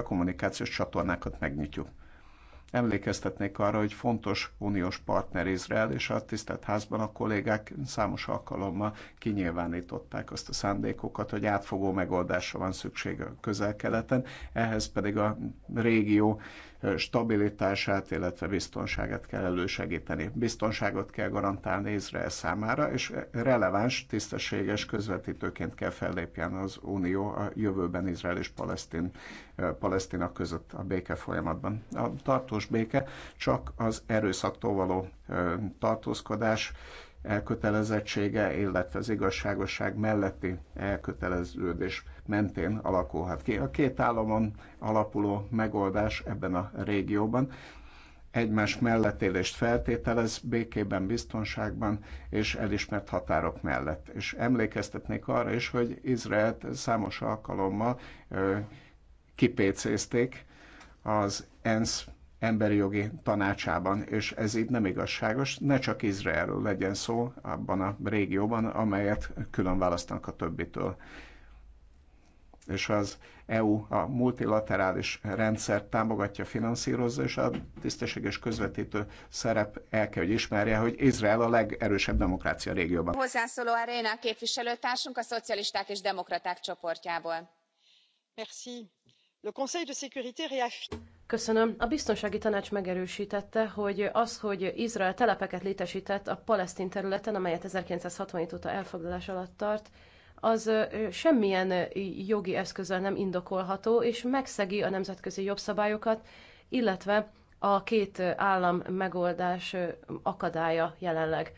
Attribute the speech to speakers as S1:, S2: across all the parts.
S1: a kommunikációs csatornákat megnyitjuk. Emlékeztetnék arra, hogy fontos uniós partner Izrael, és a tisztelt házban a kollégák számos alkalommal kinyilvánították azt a szándékokat, hogy átfogó megoldásra van szükség a közel-keleten, ehhez pedig a régió stabilitását, illetve biztonságát kell elősegíteni. Biztonságot kell garantálni Izrael számára, és releváns, tisztességes közvetítőként kell fellépjen az Unió a jövőben Izrael és Palesztin, eh, Palesztina között a béke folyamatban. A tartós béke csak az erőszaktól való eh, tartózkodás elkötelezettsége, illetve az igazságosság melletti elköteleződés mentén alakulhat ki. A két államon alapuló megoldás ebben a régióban egymás mellettélést feltételez békében, biztonságban és elismert határok mellett. És emlékeztetnék arra is, hogy Izraelt számos alkalommal ö, kipécézték az ENSZ emberi jogi tanácsában, és ez itt nem igazságos, ne csak Izraelről legyen szó abban a régióban, amelyet külön választanak a többitől. És az EU a multilaterális rendszer támogatja, finanszírozza, és a tisztességes közvetítő szerep el kell, hogy ismerje, hogy Izrael a legerősebb demokrácia a régióban.
S2: Hozzászóló Réna képviselőtársunk a szocialisták és demokraták csoportjából. Merci. Le Conseil de
S3: sécurité réaffirme Köszönöm. A biztonsági tanács megerősítette, hogy az, hogy Izrael telepeket létesített a palesztin területen, amelyet 1967 óta elfoglalás alatt tart, az semmilyen jogi eszközzel nem indokolható, és megszegi a nemzetközi jogszabályokat, illetve a két állam megoldás akadálya jelenleg.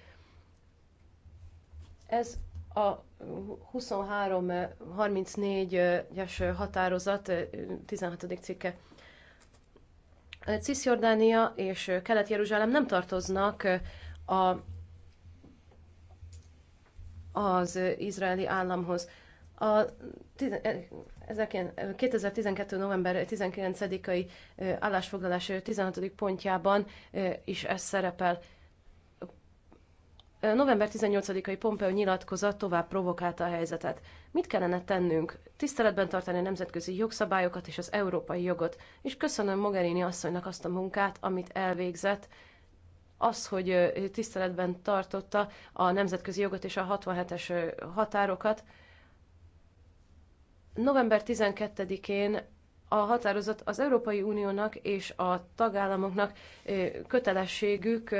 S3: Ez a 23-34-es határozat 16. cikke Cisjordánia és Kelet-Jeruzsálem nem tartoznak a, az izraeli államhoz. A 2012. E- november 19-ai állásfoglalás 16. pontjában is ez szerepel november 18-ai Pompeo nyilatkozat tovább provokálta a helyzetet. Mit kellene tennünk? Tiszteletben tartani a nemzetközi jogszabályokat és az európai jogot, és köszönöm Mogherini asszonynak azt a munkát, amit elvégzett, az, hogy tiszteletben tartotta a nemzetközi jogot és a 67-es határokat. November 12-én a határozat az Európai Uniónak és a tagállamoknak kötelességük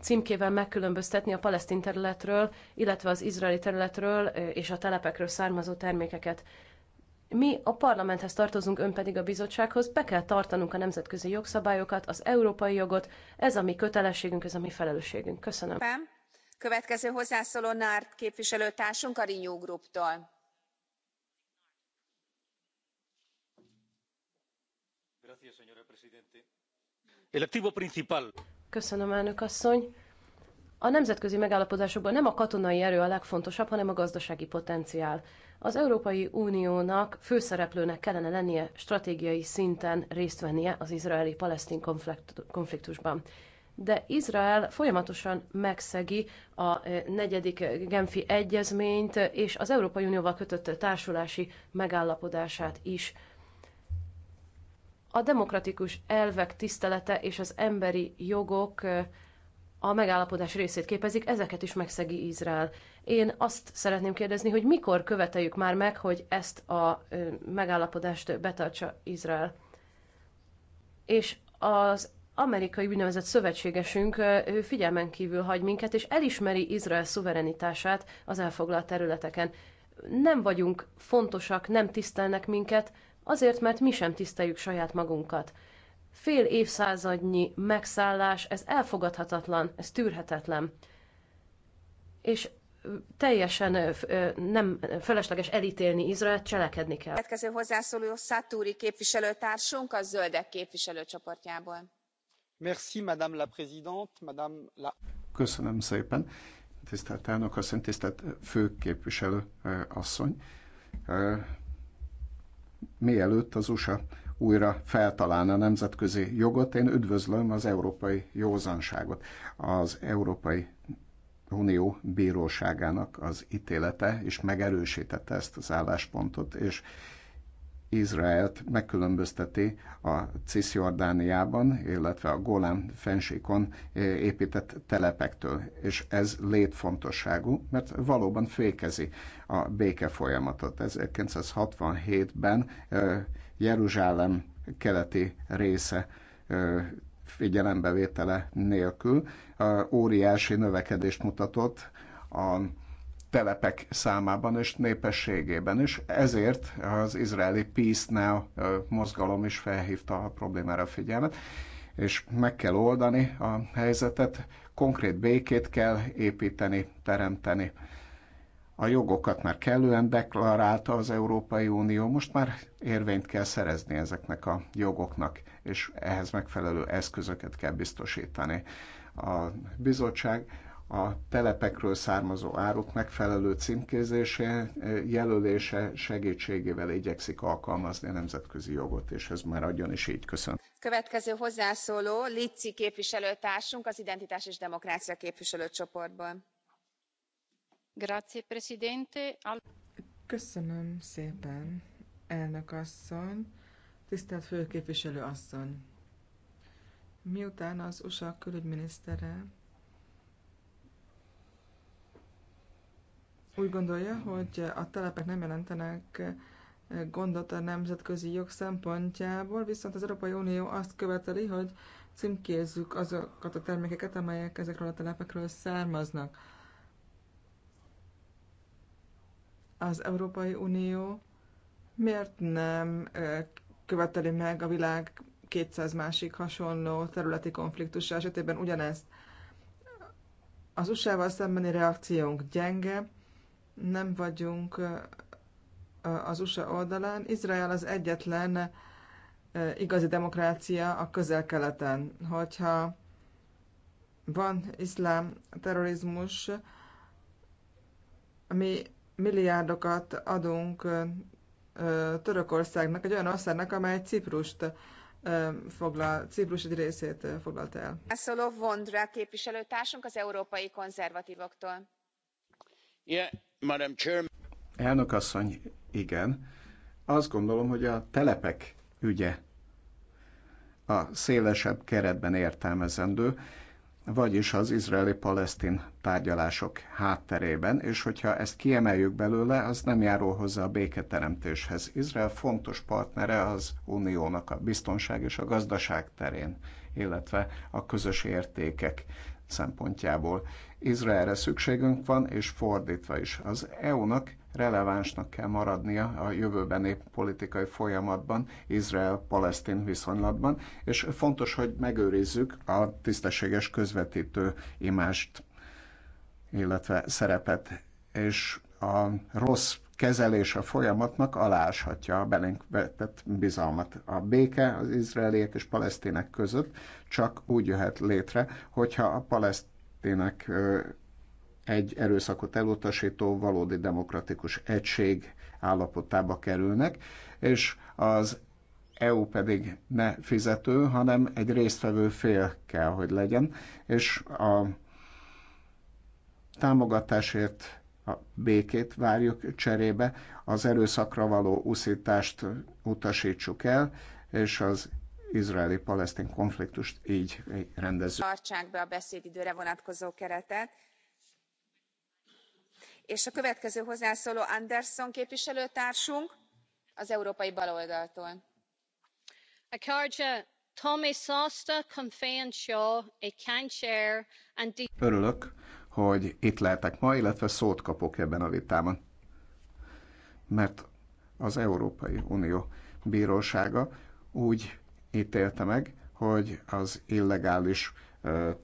S3: címkével megkülönböztetni a palesztin területről, illetve az izraeli területről és a telepekről származó termékeket. Mi a parlamenthez tartozunk, ön pedig a bizottsághoz, be kell tartanunk a nemzetközi jogszabályokat, az európai jogot, ez a mi kötelességünk, ez a mi felelősségünk. Köszönöm.
S2: Következő hozzászóló Nárt képviselőtársunk a Rinyó Gruptól.
S3: El
S4: activo principal
S3: Köszönöm, elnök asszony. A nemzetközi megállapodásokban nem a katonai erő a legfontosabb, hanem a gazdasági potenciál. Az Európai Uniónak főszereplőnek kellene lennie stratégiai szinten részt vennie az izraeli-palesztin konfliktusban. De Izrael folyamatosan megszegi a e, negyedik Genfi egyezményt és az Európai Unióval kötött társulási megállapodását is. A demokratikus elvek tisztelete és az emberi jogok a megállapodás részét képezik, ezeket is megszegi Izrael. Én azt szeretném kérdezni, hogy mikor követeljük már meg, hogy ezt a megállapodást betartsa Izrael. És az amerikai úgynevezett szövetségesünk ő figyelmen kívül hagy minket, és elismeri Izrael szuverenitását az elfoglalt területeken. Nem vagyunk fontosak, nem tisztelnek minket, azért, mert mi sem tiszteljük saját magunkat. Fél évszázadnyi megszállás, ez elfogadhatatlan, ez tűrhetetlen. És teljesen nem felesleges elítélni Izraelt, cselekedni kell.
S2: Következő hozzászóló Szatúri képviselőtársunk a Zöldek képviselőcsoportjából.
S3: Merci, Madame la
S1: Présidente, Madame la... Köszönöm szépen. Tisztelt elnök asszony, tisztelt főképviselő asszony mielőtt az USA újra feltalálna a nemzetközi jogot. Én üdvözlöm az európai józanságot. Az Európai Unió bíróságának az ítélete, és megerősítette ezt az álláspontot, és Izraelt megkülönbözteti a Cisjordániában, illetve a Golán fensíkon eh, épített telepektől. És ez létfontosságú, mert valóban fékezi a béke folyamatot. 1967-ben eh, Jeruzsálem keleti része eh, figyelembevétele nélkül óriási növekedést mutatott a telepek számában és népességében, és ezért az izraeli Peace Now mozgalom is felhívta a problémára a figyelmet, és meg kell oldani a helyzetet, konkrét békét kell építeni, teremteni. A jogokat már kellően deklarálta az Európai Unió, most már érvényt kell szerezni ezeknek a jogoknak, és ehhez megfelelő eszközöket kell biztosítani. A bizottság a telepekről származó áruk megfelelő címkézése, eh, jelölése segítségével igyekszik alkalmazni a nemzetközi jogot, és ez már adjon is így. Köszönöm.
S2: Következő hozzászóló Lici képviselőtársunk az Identitás és Demokrácia képviselőcsoportból. Grazie, Presidente.
S4: Köszönöm szépen, elnök asszony, tisztelt főképviselő asszony. Miután az USA külügyminisztere úgy gondolja, hogy a telepek nem jelentenek eh, gondot a nemzetközi jog szempontjából, viszont az Európai Unió azt követeli, hogy címkézzük azokat a termékeket, amelyek ezekről a telepekről származnak. Az Európai Unió miért nem eh, követeli meg a világ 200 másik hasonló területi konfliktusa esetében ugyanezt? Az USA-val szembeni reakciónk gyenge, nem vagyunk az USA oldalán. Izrael az egyetlen igazi demokrácia a közel-keleten. Hogyha van iszlám terrorizmus, mi milliárdokat adunk Törökországnak, egy olyan országnak, amely Ciprust foglal, Ciprus egy részét foglalt el.
S2: Szóló Vondra képviselőtársunk az európai konzervatívoktól
S1: Elnök asszony, igen. Azt gondolom, hogy a telepek ügye a szélesebb keretben értelmezendő, vagyis az izraeli-palesztin tárgyalások hátterében, és hogyha ezt kiemeljük belőle, az nem járó hozzá a béketeremtéshez. Izrael fontos partnere az uniónak a biztonság és a gazdaság terén, illetve a közös értékek szempontjából. Izraelre szükségünk van, és fordítva is. Az EU-nak relevánsnak kell maradnia a jövőbeni politikai folyamatban, Izrael-Palesztin viszonylatban, és fontos, hogy megőrizzük a tisztességes közvetítő imást, illetve szerepet, és a rossz kezelése a folyamatnak aláshatja a belénk vetett bizalmat. A béke az izraeliek és palesztinek között csak úgy jöhet létre, hogyha a palesztin történnek egy erőszakot elutasító valódi demokratikus egység állapotába kerülnek, és az EU pedig ne fizető, hanem egy résztvevő fél kell, hogy legyen, és a támogatásért a békét várjuk cserébe, az erőszakra való úszítást utasítsuk el, és az izraeli-palesztin konfliktust így rendezzük. Tartsák be
S2: a beszédidőre vonatkozó keretet. És a következő hozzászóló Anderson képviselőtársunk az európai baloldaltól.
S3: A Confian Shaw, a kártya
S1: Örülök, hogy itt lehetek ma, illetve szót kapok ebben a vitában. Mert az Európai Unió bírósága úgy ítélte meg, hogy az illegális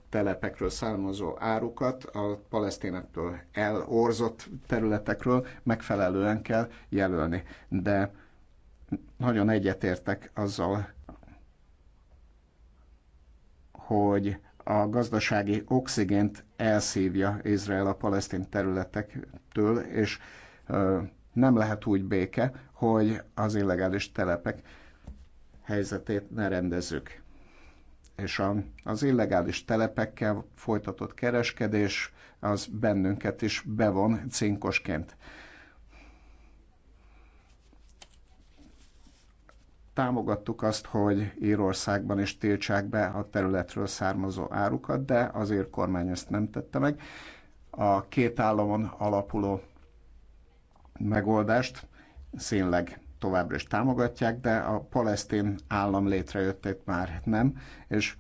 S1: telepekről származó árukat a palesztinektől elorzott területekről megfelelően kell jelölni. De nagyon egyetértek azzal, hogy a gazdasági oxigént elszívja Izrael a palesztin területektől, és nem lehet úgy béke, hogy az illegális telepek helyzetét ne rendezzük. És a, az illegális telepekkel folytatott kereskedés az bennünket is bevon cinkosként. támogattuk azt, hogy Írországban is tiltsák be a területről származó árukat, de az ír kormány ezt nem tette meg. A két államon alapuló megoldást színleg továbbra is támogatják, de a palesztin állam létrejöttét már nem, és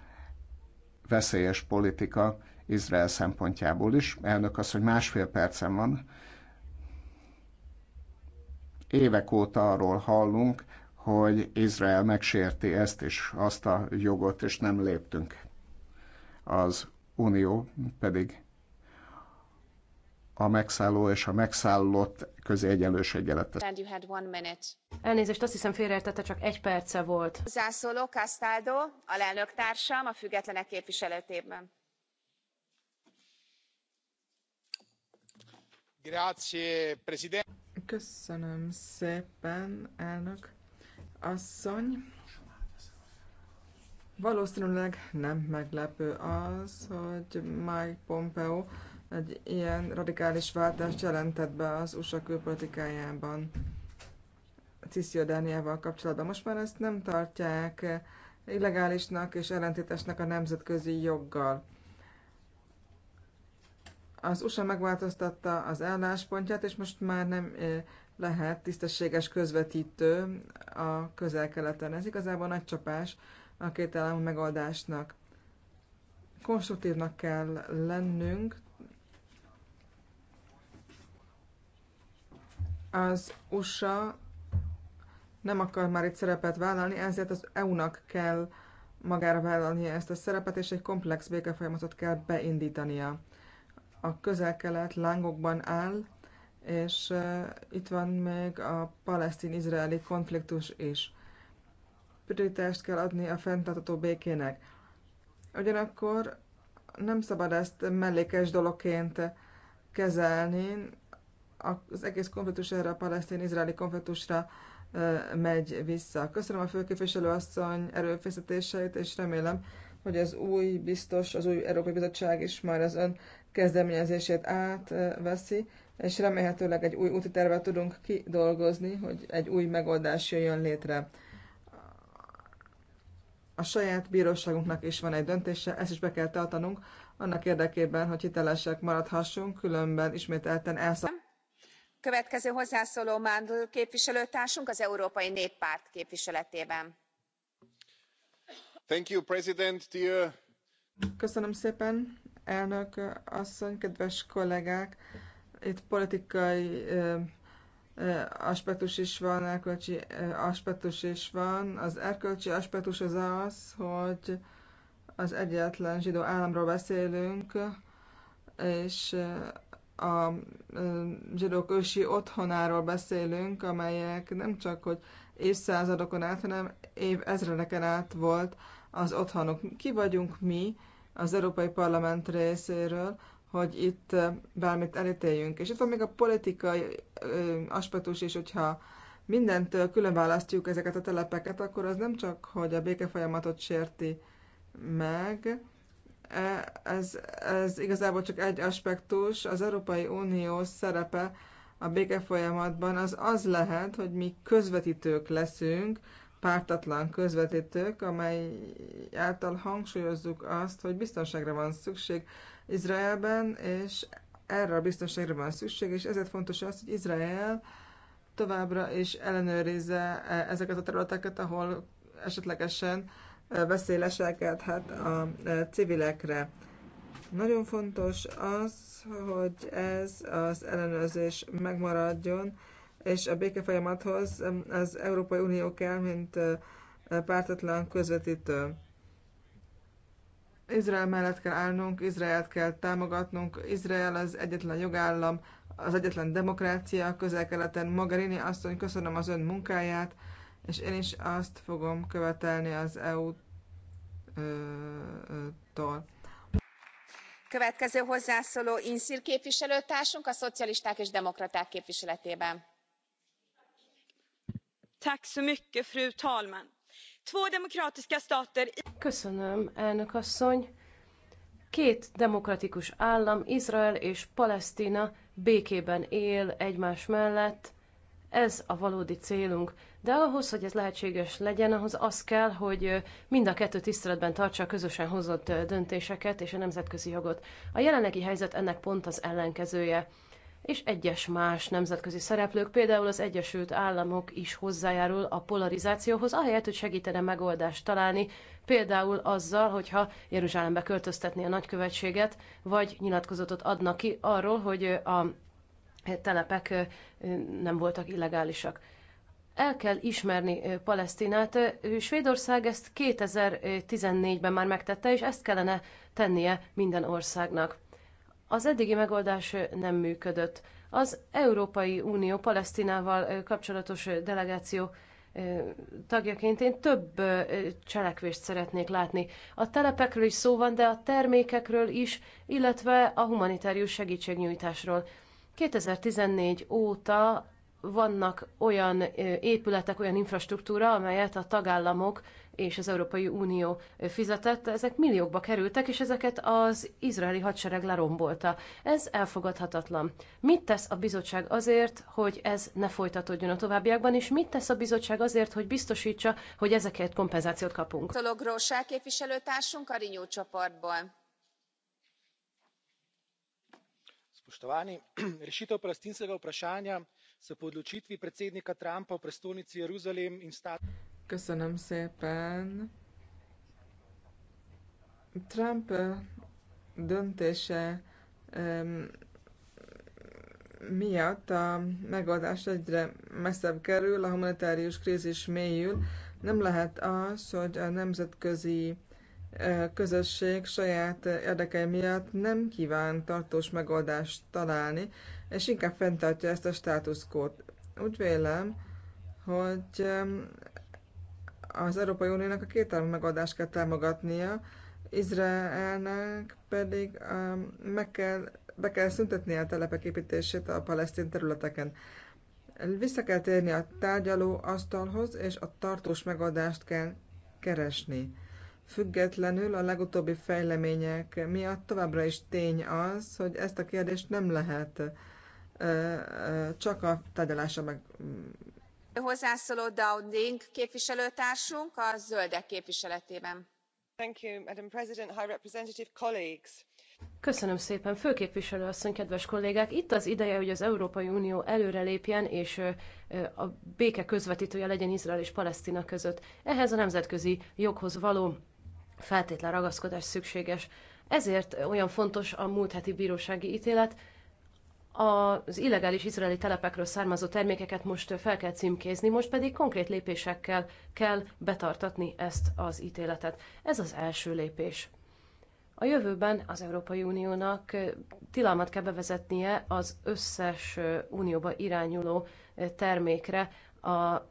S1: veszélyes politika Izrael szempontjából is. Elnök az, hogy másfél percen van. Évek óta arról hallunk, hogy Izrael megsérti ezt és azt a jogot, és nem léptünk. Az Unió pedig a megszálló és a megszállott közé egyenlős egyenlete.
S3: Elnézést, azt hiszem félreértette, csak egy perce volt.
S2: Zászóló Castaldo, alelnök társam, a függetlenek képviselőtében.
S4: Köszönöm szépen, elnök asszony. Valószínűleg nem meglepő az, hogy Mike Pompeo egy ilyen radikális váltást jelentett be az USA külpolitikájában, Cisziordániával kapcsolatban. Most már ezt nem tartják illegálisnak és ellentétesnek a nemzetközi joggal. Az USA megváltoztatta az álláspontját, és most már nem eh, lehet tisztességes közvetítő a közel-keleten. Ez igazából nagy csapás a két megoldásnak. Konstruktívnak kell lennünk, Az USA nem akar már itt szerepet vállalni, ezért az EU-nak kell magára vállalnia ezt a szerepet, és egy komplex békefolyamatot kell beindítania. A közel-kelet lángokban áll, és eh, itt van még a palesztin-izraeli konfliktus is. Prioritást kell adni a fenntartató békének. Ugyanakkor nem szabad ezt mellékes dologként kezelni, az egész konfliktus erre a palesztin-izraeli konfliktusra megy vissza. Köszönöm a főképviselő asszony erőfeszítéseit, és remélem, hogy az új biztos, az új Európai Bizottság is már az ön kezdeményezését átveszi, és remélhetőleg egy új úti tervet tudunk kidolgozni, hogy egy új megoldás jöjjön létre. A saját bíróságunknak is van egy döntése, ezt is be kell tartanunk, annak érdekében, hogy hitelesek maradhassunk, különben ismételten elszabadulunk
S2: következő képviselőtársunk az európai
S4: köszönöm szépen elnök asszony kedves kollégák! itt politikai aspektus is van erkölcsi aspektus is van. az erkölcsi aspektus az az hogy az egyetlen zsidó államról beszélünk és a zsidók ősi otthonáról beszélünk, amelyek nem csak, hogy évszázadokon át, hanem év ezredeken át volt az otthonuk. Ki vagyunk mi az Európai Parlament részéről, hogy itt bármit elítéljünk. És itt van még a politikai aspektus is, hogyha mindentől külön választjuk ezeket a telepeket, akkor az nem csak, hogy a békefolyamatot sérti meg, ez, ez igazából csak egy aspektus. Az Európai Unió szerepe a békefolyamatban az az lehet, hogy mi közvetítők leszünk, pártatlan közvetítők, amely által hangsúlyozzuk azt, hogy biztonságra van szükség Izraelben, és erre a biztonságra van szükség, és ezért fontos az, hogy Izrael továbbra is ellenőrizze e, ezeket a területeket, ahol esetlegesen veszély leselkedhet a e, civilekre. Nagyon fontos az, hogy ez az ellenőrzés megmaradjon, és a béke folyamathoz az Európai Unió kell, mint e, pártatlan közvetítő. Izrael mellett kell állnunk, Izraelt kell támogatnunk, Izrael az egyetlen jogállam, az egyetlen demokrácia közel-keleten. Magarini asszony, köszönöm az ön munkáját, és én is azt fogom követelni az EU-tól.
S2: Következő hozzászóló Inszir képviselőtársunk a szocialisták és demokraták képviseletében. talman.
S3: Köszönöm, elnök asszony. Két demokratikus állam, Izrael és Palesztina békében él egymás mellett. Ez a valódi célunk de ahhoz, hogy ez lehetséges legyen, ahhoz az kell, hogy mind a kettő tiszteletben tartsa a közösen hozott döntéseket és a nemzetközi jogot. A jelenlegi helyzet ennek pont az ellenkezője és egyes más nemzetközi szereplők, például az Egyesült Államok is hozzájárul a polarizációhoz, ahelyett, hogy segítene megoldást találni, például azzal, hogyha Jeruzsálembe költöztetné a nagykövetséget, vagy nyilatkozatot adna ki arról, hogy a eh, telepek nem voltak illegálisak. El kell ismerni Palesztinát. Svédország ezt 2014-ben már megtette, és ezt kellene tennie minden országnak. Az eddigi megoldás nem működött. Az Európai Unió Palesztinával kapcsolatos delegáció tagjaként én több cselekvést szeretnék látni. A telepekről is szó van, de a termékekről is, illetve a humanitárius segítségnyújtásról. 2014 óta vannak olyan épületek, olyan infrastruktúra, amelyet a tagállamok és az Európai Unió fizetett, ezek milliókba kerültek, és ezeket az izraeli hadsereg lerombolta. Ez elfogadhatatlan. Mit tesz a bizottság azért, hogy ez ne folytatódjon a továbbiakban, és mit tesz a bizottság azért, hogy biztosítsa, hogy ezeket kompenzációt kapunk?
S2: Tolog Rósá képviselőtársunk a Rinyó csoportból.
S1: Spoštovani, rešitev palestinskega vprašanja
S4: Köszönöm szépen. Trump eh, döntése miatt a megoldás egyre messzebb kerül, a humanitárius krízis mélyül. Nem lehet az, hogy a nemzetközi közösség saját érdekei miatt nem kíván tartós megoldást találni, és inkább fenntartja ezt a státuszkót. Úgy vélem, hogy az Európai Uniónak a kétállamú megoldást kell támogatnia, Izraelnek pedig meg kell, be kell szüntetnie a telepek építését a palesztin területeken. Vissza kell térni a tárgyaló asztalhoz, és a tartós megoldást kell keresni Függetlenül a legutóbbi fejlemények miatt továbbra is tény az, hogy ezt a kérdést nem lehet csak a tárgyalása meg.
S2: Hozzászóló Dowding képviselőtársunk a zöldek képviseletében. Thank you, Madam President, High Representative colleagues.
S3: Köszönöm szépen, főképviselő asszony, kedves kollégák! Itt az ideje, hogy az Európai Unió előrelépjen, és a béke közvetítője legyen Izrael és Palesztina között. Ehhez a nemzetközi joghoz való feltétlen ragaszkodás szükséges. Ezért olyan fontos a múlt heti bírósági ítélet, az illegális izraeli telepekről származó termékeket most fel kell címkézni, most pedig konkrét lépésekkel kell betartatni ezt az ítéletet. Ez az első lépés. A jövőben az Európai Uniónak tilalmat kell bevezetnie az összes unióba irányuló termékre a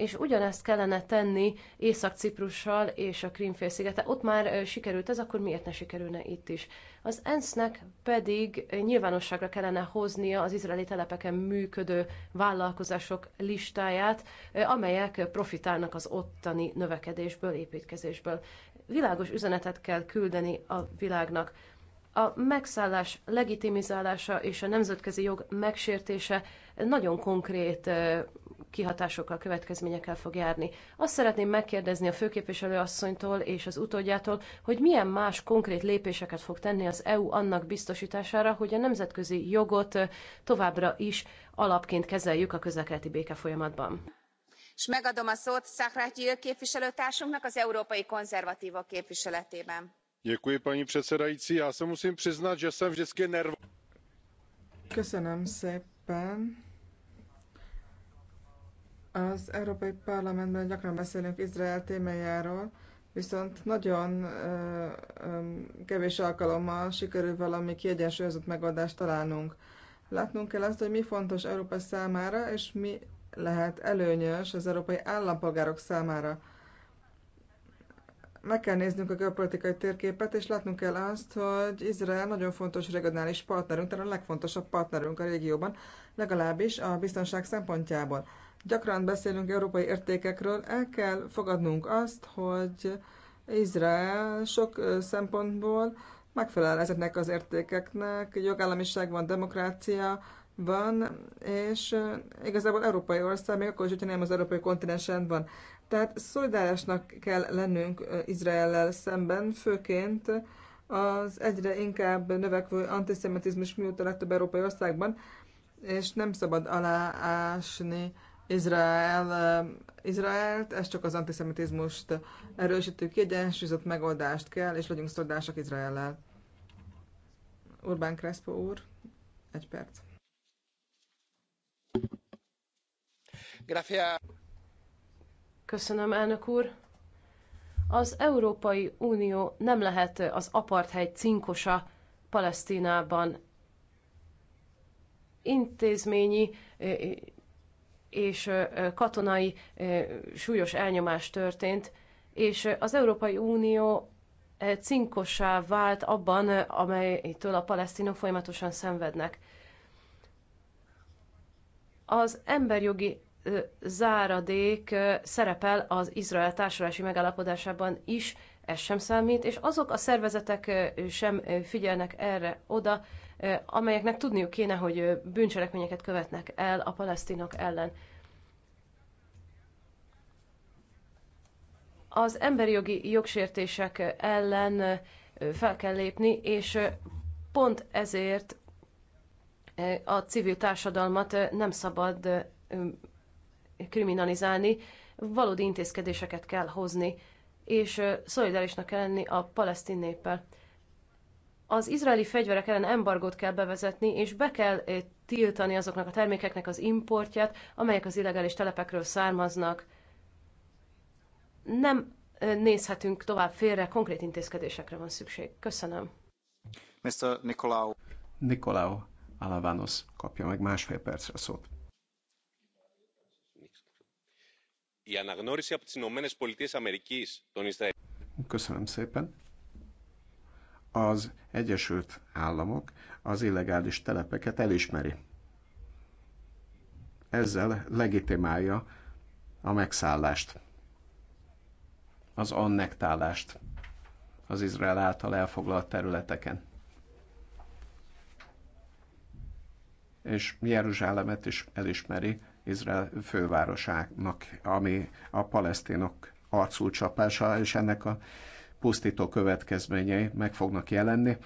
S3: és ugyanezt kellene tenni Észak-Ciprussal és a Krímfélszigete. Ott már sikerült ez, akkor miért ne sikerülne itt is? Az ENSZ-nek pedig nyilvánosságra kellene hoznia az izraeli telepeken működő vállalkozások listáját, amelyek profitálnak az ottani növekedésből, építkezésből. Világos üzenetet kell küldeni a világnak. A megszállás legitimizálása és a nemzetközi jog megsértése nagyon konkrét kihatásokkal, következményekkel fog járni. Azt szeretném megkérdezni a főképviselő asszonytól és az utódjától, hogy milyen más konkrét lépéseket fog tenni az EU annak biztosítására, hogy a nemzetközi jogot továbbra is alapként kezeljük a közelkeleti béke folyamatban.
S2: És megadom a szót Szakrágyi képviselőtársunknak az Európai Konzervatívok képviseletében.
S3: Děkuji, paní předsedající. Já se
S1: musím přiznat, že jsem vždycky nervózní.
S4: Köszönöm szépen. Az Európai Parlamentben gyakran beszélünk Izrael témájáról, viszont nagyon ö, ö, kevés alkalommal sikerül valami kiegyensúlyozott megoldást találnunk. Látnunk kell azt, hogy mi fontos Európa számára, és mi lehet előnyös az európai állampolgárok számára. Meg kell néznünk a geopolitikai térképet, és látnunk kell azt, hogy Izrael nagyon fontos regionális partnerünk, tehát a legfontosabb partnerünk a régióban, legalábbis a biztonság szempontjából. Gyakran beszélünk európai értékekről, el kell fogadnunk azt, hogy Izrael sok szempontból megfelel ezeknek az értékeknek, jogállamiság van, demokrácia van, és igazából európai ország, még akkor is, hogyha nem az európai kontinensen van. Tehát szolidárisnak kell lennünk Izraellel szemben, főként az egyre inkább növekvő antiszemitizmus a legtöbb európai országban, és nem szabad aláásni Izrael, eh, Izraelt, ez csak az antiszemitizmust erősítő kiegyensúlyozott megoldást kell, és legyünk szoldásak Izraellel. Urbán Crespo úr, egy perc.
S3: Köszönöm, elnök úr. Az Európai Unió nem lehet az apartheid cinkosa Palesztinában. Intézményi eh, és katonai súlyos elnyomás történt, és az Európai Unió cinkossá vált abban, amelytől a palesztinok folyamatosan szenvednek. Az emberjogi záradék szerepel az Izrael társadalási megállapodásában is, ez sem számít, és azok a szervezetek sem figyelnek erre oda, amelyeknek tudniuk kéne, hogy bűncselekményeket követnek el a palesztinok ellen. Az emberi jogi jogsértések ellen fel kell lépni, és pont ezért a civil társadalmat nem szabad kriminalizálni, valódi intézkedéseket kell hozni, és szolidárisnak kell lenni a palesztin néppel az izraeli fegyverek ellen embargót kell bevezetni, és be kell eh, tiltani azoknak a termékeknek az importját, amelyek az illegális telepekről származnak. Nem eh, nézhetünk tovább félre, konkrét intézkedésekre van szükség. Köszönöm.
S1: Mr. Nicolau. Nicolau Alavanos kapja meg másfél percre szót. Köszönöm szépen az Egyesült Államok az illegális telepeket elismeri. Ezzel legitimálja a megszállást, az annektálást az Izrael által elfoglalt területeken. És Jeruzsálemet is elismeri Izrael fővárosának, ami a palesztinok arcú csapása, és ennek a pusztító következményei meg fognak jelenni.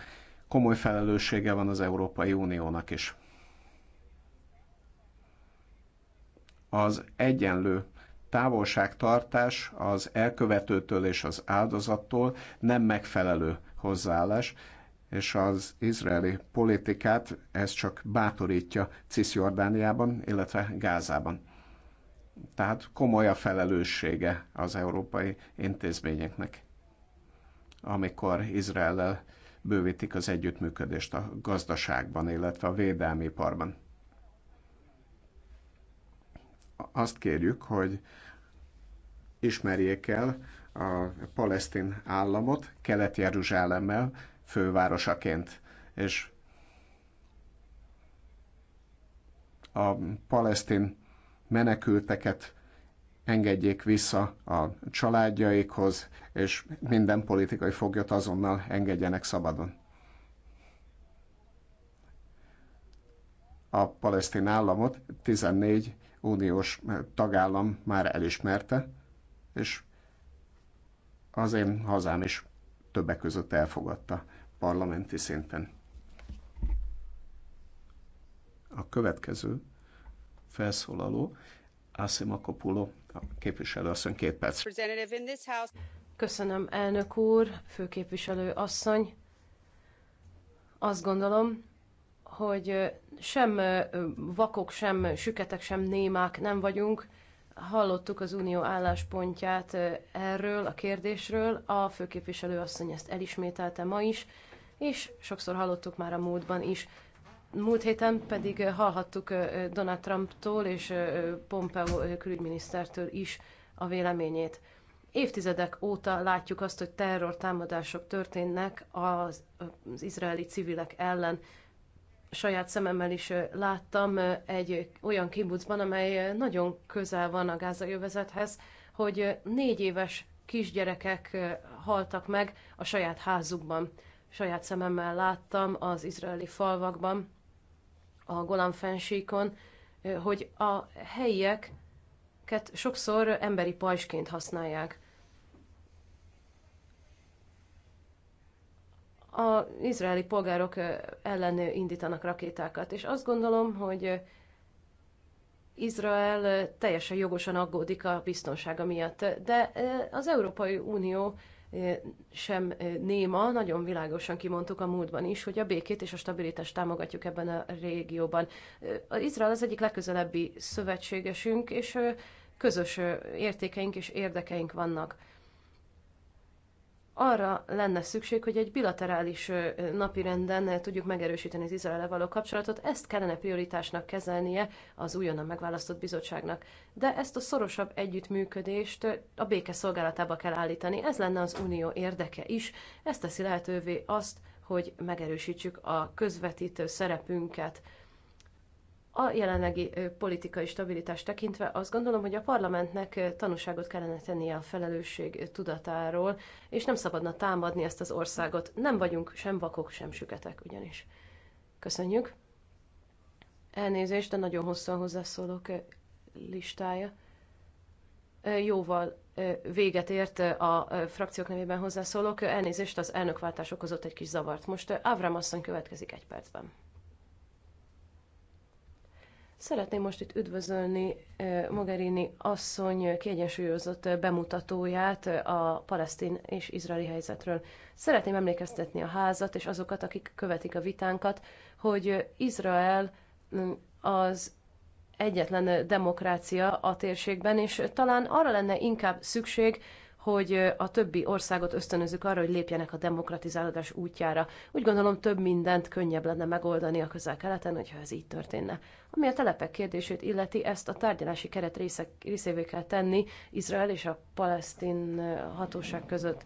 S1: Komoly felelőssége van az Európai Uniónak is. Az egyenlő távolságtartás az elkövetőtől és az áldozattól nem megfelelő hozzáállás, és az izraeli politikát ez csak bátorítja Cisjordániában, illetve Gázában. Tehát komoly a felelőssége az európai intézményeknek amikor Izrael bővítik az együttműködést a gazdaságban, illetve a védelmi iparban. Azt kérjük, hogy ismerjék el a palesztin államot Kelet-Jeruzsálemmel fővárosaként, és a palesztin menekülteket engedjék vissza a családjaikhoz, és minden politikai foglyot azonnal engedjenek szabadon. A palesztin államot 14 uniós tagállam már elismerte, és az én hazám is többek között elfogadta parlamenti szinten. A következő felszólaló Asimakopulo, a képviselő asszony, két
S2: perc.
S3: Köszönöm, elnök úr, főképviselő asszony. Azt gondolom, hogy sem vakok, sem süketek, sem némák nem vagyunk. Hallottuk az unió álláspontját erről a kérdésről, a főképviselő asszony ezt elismételte ma is, és sokszor hallottuk már a múltban is. Múlt héten pedig hallhattuk Donald Trumptól és Pompeo külügyminisztertől is a véleményét. Évtizedek óta látjuk azt, hogy terror támadások történnek az, az izraeli civilek ellen. Saját szememmel is láttam egy olyan kibucban, amely nagyon közel van a gázai övezethez, hogy négy éves kisgyerekek haltak meg a saját házukban. Saját szememmel láttam az izraeli falvakban, a Golan fensíkon, hogy a helyieket sokszor emberi pajsként használják. az izraeli polgárok ellen indítanak rakétákat, és azt gondolom, hogy Izrael teljesen jogosan aggódik a biztonsága miatt, de az Európai Unió sem néma, nagyon világosan kimondtuk a múltban is, hogy a békét és a stabilitást támogatjuk ebben a régióban. Az Izrael az egyik legközelebbi szövetségesünk, és közös értékeink és érdekeink vannak arra lenne szükség, hogy egy bilaterális napirenden tudjuk megerősíteni az izrael való kapcsolatot, ezt kellene prioritásnak kezelnie az újonnan megválasztott bizottságnak. De ezt a szorosabb együttműködést a béke szolgálatába kell állítani, ez lenne az unió érdeke is, ez teszi lehetővé azt, hogy megerősítsük a közvetítő szerepünket a jelenlegi politikai stabilitást tekintve azt gondolom, hogy a parlamentnek tanúságot kellene tennie a felelősség tudatáról, és nem szabadna támadni ezt az országot. Nem vagyunk sem vakok, sem süketek ugyanis. Köszönjük. Elnézést, de nagyon hosszan hozzászólok listája. Jóval véget ért a frakciók nevében hozzászólok. Elnézést, az elnökváltás okozott egy kis zavart. Most Ávram asszony következik egy percben. Szeretném most itt üdvözölni Mogherini asszony kiegyensúlyozott bemutatóját a palesztin és izraeli helyzetről. Szeretném emlékeztetni a házat és azokat, akik követik a vitánkat, hogy Izrael az egyetlen demokrácia a térségben, és talán arra lenne inkább szükség, hogy a többi országot ösztönözzük arra, hogy lépjenek a demokratizálódás útjára. Úgy gondolom, több mindent könnyebb lenne megoldani a közel-keleten, hogyha ez így történne. Ami a telepek kérdését illeti, ezt a tárgyalási keret része, részévé kell tenni Izrael és a palesztin hatóság között.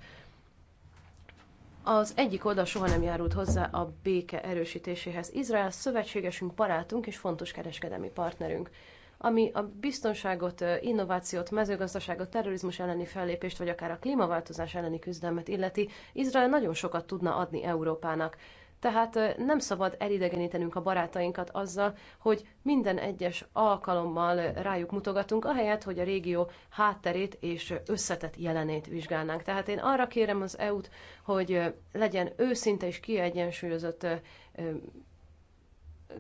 S3: Az egyik oldal soha nem járult hozzá a béke erősítéséhez. Izrael szövetségesünk, barátunk és fontos kereskedelmi partnerünk ami a biztonságot, innovációt, mezőgazdaságot, terrorizmus elleni fellépést, vagy akár a klímaváltozás elleni küzdelmet illeti, Izrael nagyon sokat tudna adni Európának. Tehát nem szabad elidegenítenünk a barátainkat azzal, hogy minden egyes alkalommal rájuk mutogatunk, ahelyett, hogy a régió hátterét és összetett jelenét vizsgálnánk. Tehát én arra kérem az EU-t, hogy legyen őszinte és kiegyensúlyozott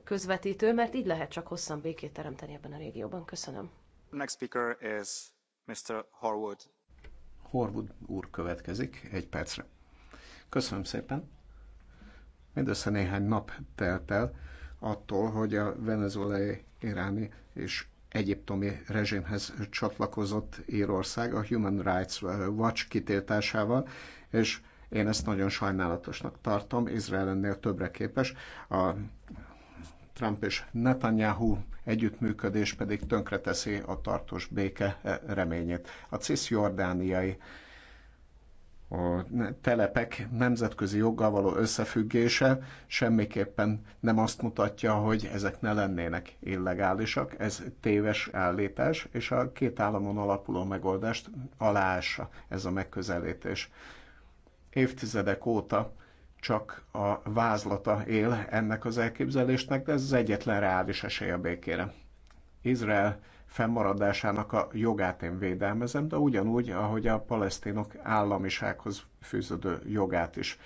S3: közvetítő, mert így lehet csak hosszan békét teremteni ebben a régióban. Köszönöm.
S1: Next speaker is Mr. Horwood. Horwood úr következik egy percre. Köszönöm szépen. Mindössze néhány nap telt el attól, hogy a venezuelai, iráni és egyiptomi rezsimhez csatlakozott Írország a Human Rights Watch kitiltásával, és én ezt nagyon sajnálatosnak tartom, Izrael ennél többre képes. A Trump és Netanyahu együttműködés pedig tönkreteszi a tartós béke e, reményét. A cisjordániai a telepek nemzetközi joggal való összefüggése semmiképpen nem azt mutatja, hogy ezek ne lennének illegálisak. Ez téves állítás, és a két államon alapuló megoldást aláássa ez a megközelítés. Évtizedek óta csak a vázlata él ennek az elképzelésnek, de ez az egyetlen reális esély a békére. Izrael fennmaradásának a jogát én védelmezem, de ugyanúgy, ahogy a palesztinok államisághoz fűződő jogát is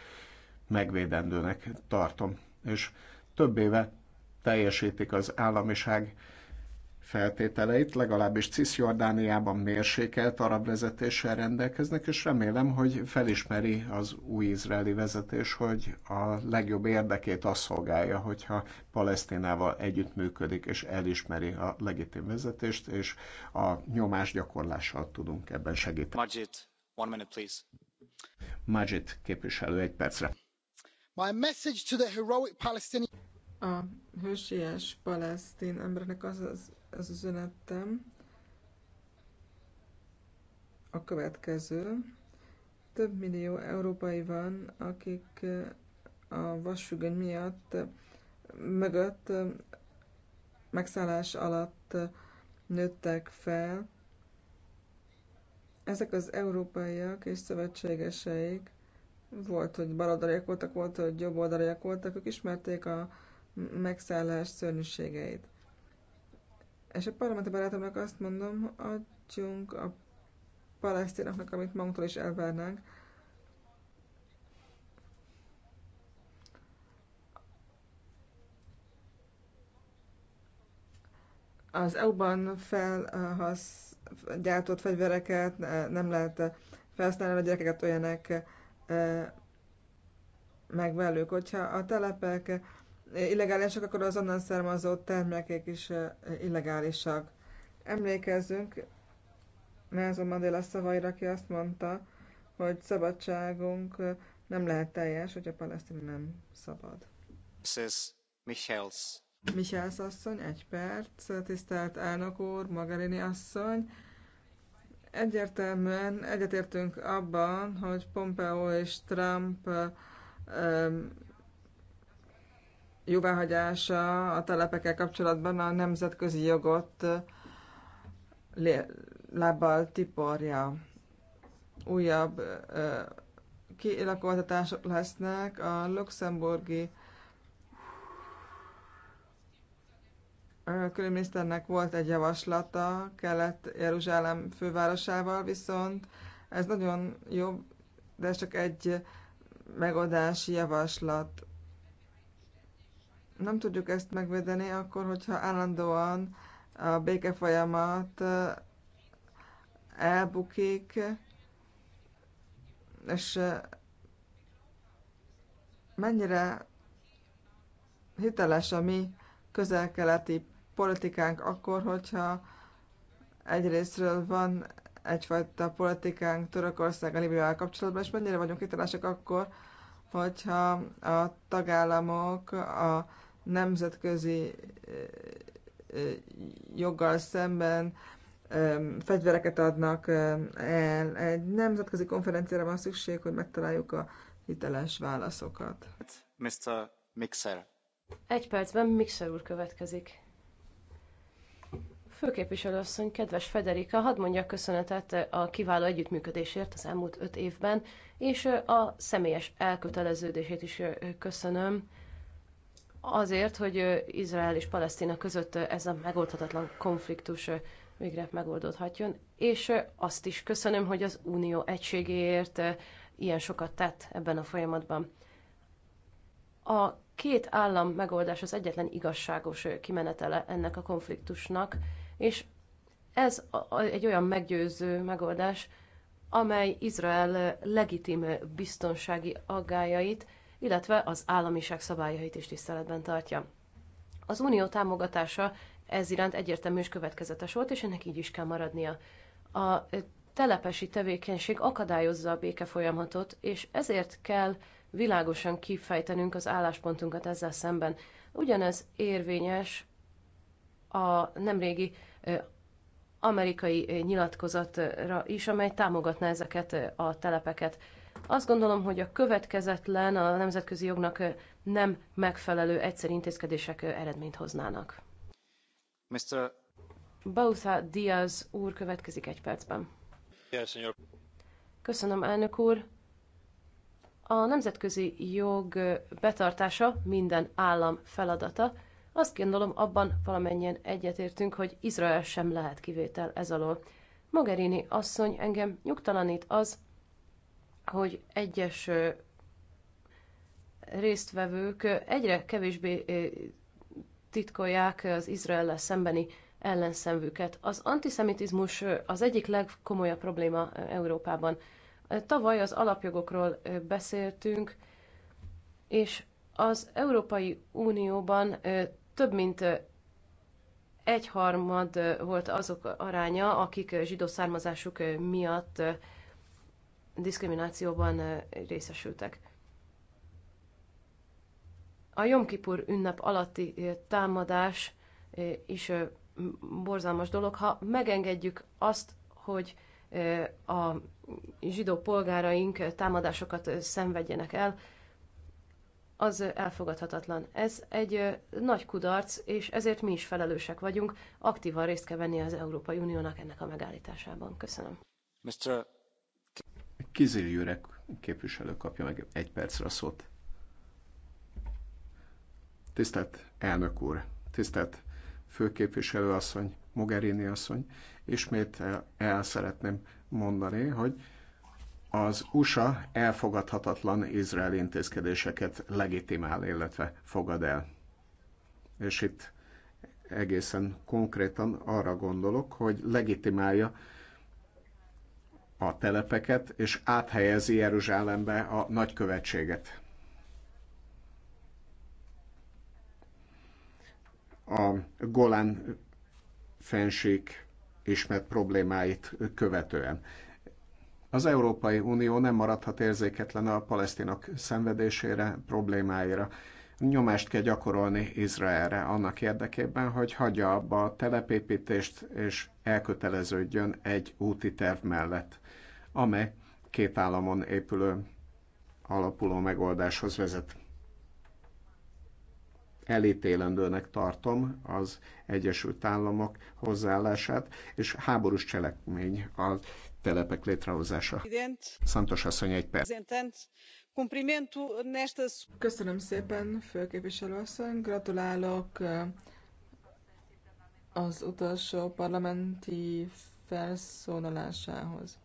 S1: megvédendőnek tartom. És több éve teljesítik az államiság feltételeit, legalábbis Cisjordániában mérsékelt arab vezetéssel rendelkeznek, és remélem, hogy felismeri az új izraeli vezetés, hogy a legjobb érdekét az szolgálja, hogyha Palesztinával együttműködik, és elismeri a legitim vezetést, és a nyomás gyakorlással tudunk ebben segíteni. Majid, one minute, please. Majid képviselő, egy percre.
S4: My message to the heroic Palestinian... A hősies palesztin embernek az az az üzenetem a következő. Több millió európai van, akik eh, a vasfüggöny miatt eh, mögött eh, megszállás alatt nőttek fel. Ezek az európaiak és szövetségeseik volt, hogy baloldaliak voltak, volt, hogy jobboldaliak voltak, ők ismerték a megszállás szörnyűségeit. És a parlamenti barátomnak azt mondom, adjunk a palesztinoknak, amit magunktól is elvárnánk. Az EU-ban felhasz, gyártott fegyvereket nem lehet felhasználni, a gyerekeket olyanek eh, megvelők. Hogyha a telepek illegálisak, akkor az onnan származó termékek is illegálisak. Emlékezzünk Nelson Mandela szavaira, aki azt mondta, hogy szabadságunk nem lehet teljes, a palesztin nem szabad.
S1: Mrs. Michels.
S4: Michels asszony, egy perc, tisztelt elnök úr, Magarini asszony. Egyértelműen egyetértünk abban, hogy Pompeo és Trump jóváhagyása a telepekkel kapcsolatban a nemzetközi jogot eh, lábbal tiporja. Újabb eh, kilakoltatások lesznek a luxemburgi eh, külügyminiszternek volt egy javaslata Kelet-Jeruzsálem fővárosával, viszont ez nagyon jó, de ez csak egy megoldási javaslat nem tudjuk ezt megvédeni, akkor hogyha állandóan a béke folyamat elbukik, és mennyire hiteles a mi közel-keleti politikánk akkor, hogyha egyrésztről van egyfajta politikánk Törökország a Libyával kapcsolatban, és mennyire vagyunk hitelesek akkor, hogyha a tagállamok a nemzetközi eh, eh, joggal szemben fegyvereket adnak el. Egy nemzetközi konferenciára van szükség, hogy megtaláljuk a hiteles válaszokat.
S1: Mr.
S3: Mixer.
S4: Egy percben Mixer úr következik.
S3: Főképviselőasszony, kedves Federika, hadd mondjak köszönetet a kiváló együttműködésért az elmúlt öt évben, és a személyes elköteleződését is köszönöm azért, hogy Izrael és Palesztina között ez a megoldhatatlan konfliktus végre megoldódhatjon, és azt is köszönöm, hogy az Unió egységéért ilyen sokat tett ebben a folyamatban. A két állam megoldás az egyetlen igazságos kimenetele ennek a konfliktusnak, és ez egy olyan meggyőző megoldás, amely Izrael legitim biztonsági aggájait illetve az államiság szabályait is tiszteletben tartja. Az unió támogatása ez iránt egyértelmű és következetes volt, és ennek így is kell maradnia. A telepesi tevékenység akadályozza a béke folyamatot, és ezért kell világosan kifejtenünk az álláspontunkat ezzel szemben. Ugyanez érvényes a nemrégi amerikai nyilatkozatra is, amely támogatná ezeket a telepeket. Azt gondolom, hogy a következetlen, a nemzetközi jognak nem megfelelő egyszer intézkedések eredményt hoznának. Mr. Bautha Diaz úr következik egy percben. Yes, Köszönöm, elnök úr. A nemzetközi jog betartása minden állam feladata. Azt gondolom, abban valamennyien egyetértünk, hogy Izrael sem lehet kivétel ez alól. Mogherini asszony engem nyugtalanít az, hogy egyes résztvevők egyre kevésbé titkolják az izrael szembeni ellenszenvüket. Az antiszemitizmus az egyik legkomolyabb probléma Európában. Tavaly az alapjogokról beszéltünk, és az Európai Unióban több mint egyharmad volt azok aránya, akik zsidó származásuk miatt diszkriminációban részesültek. A Jomkipur ünnep alatti támadás is borzalmas dolog. Ha megengedjük azt, hogy a zsidó polgáraink támadásokat szenvedjenek el, az elfogadhatatlan. Ez egy nagy kudarc, és ezért mi is felelősek vagyunk. Aktívan részt kell venni az Európai Uniónak ennek a megállításában. Köszönöm.
S4: Mr.
S1: Kiziljürek képviselő kapja meg egy percre a szót. Tisztelt elnök úr, tisztelt főképviselő asszony, Mogherini asszony, ismét el, el szeretném mondani, hogy az USA elfogadhatatlan Izrael intézkedéseket legitimál, illetve fogad el. És itt egészen konkrétan arra gondolok, hogy legitimálja a telepeket, és áthelyezi Jeruzsálembe a nagykövetséget. A Golán fenség ismert problémáit követően. Az Európai Unió nem maradhat érzéketlen a palesztinok szenvedésére, problémáira, nyomást kell gyakorolni Izraelre annak érdekében, hogy hagyja abba a telepépítést és elköteleződjön egy úti terv mellett, amely két államon épülő alapuló megoldáshoz vezet. Elítélendőnek tartom az Egyesült Államok hozzáállását, és háborús cselekmény a telepek létrehozása. Szantos asszony egy perc
S4: Köszönöm szépen, főképviselő asszony. Gratulálok eh, az utolsó parlamenti felszólalásához.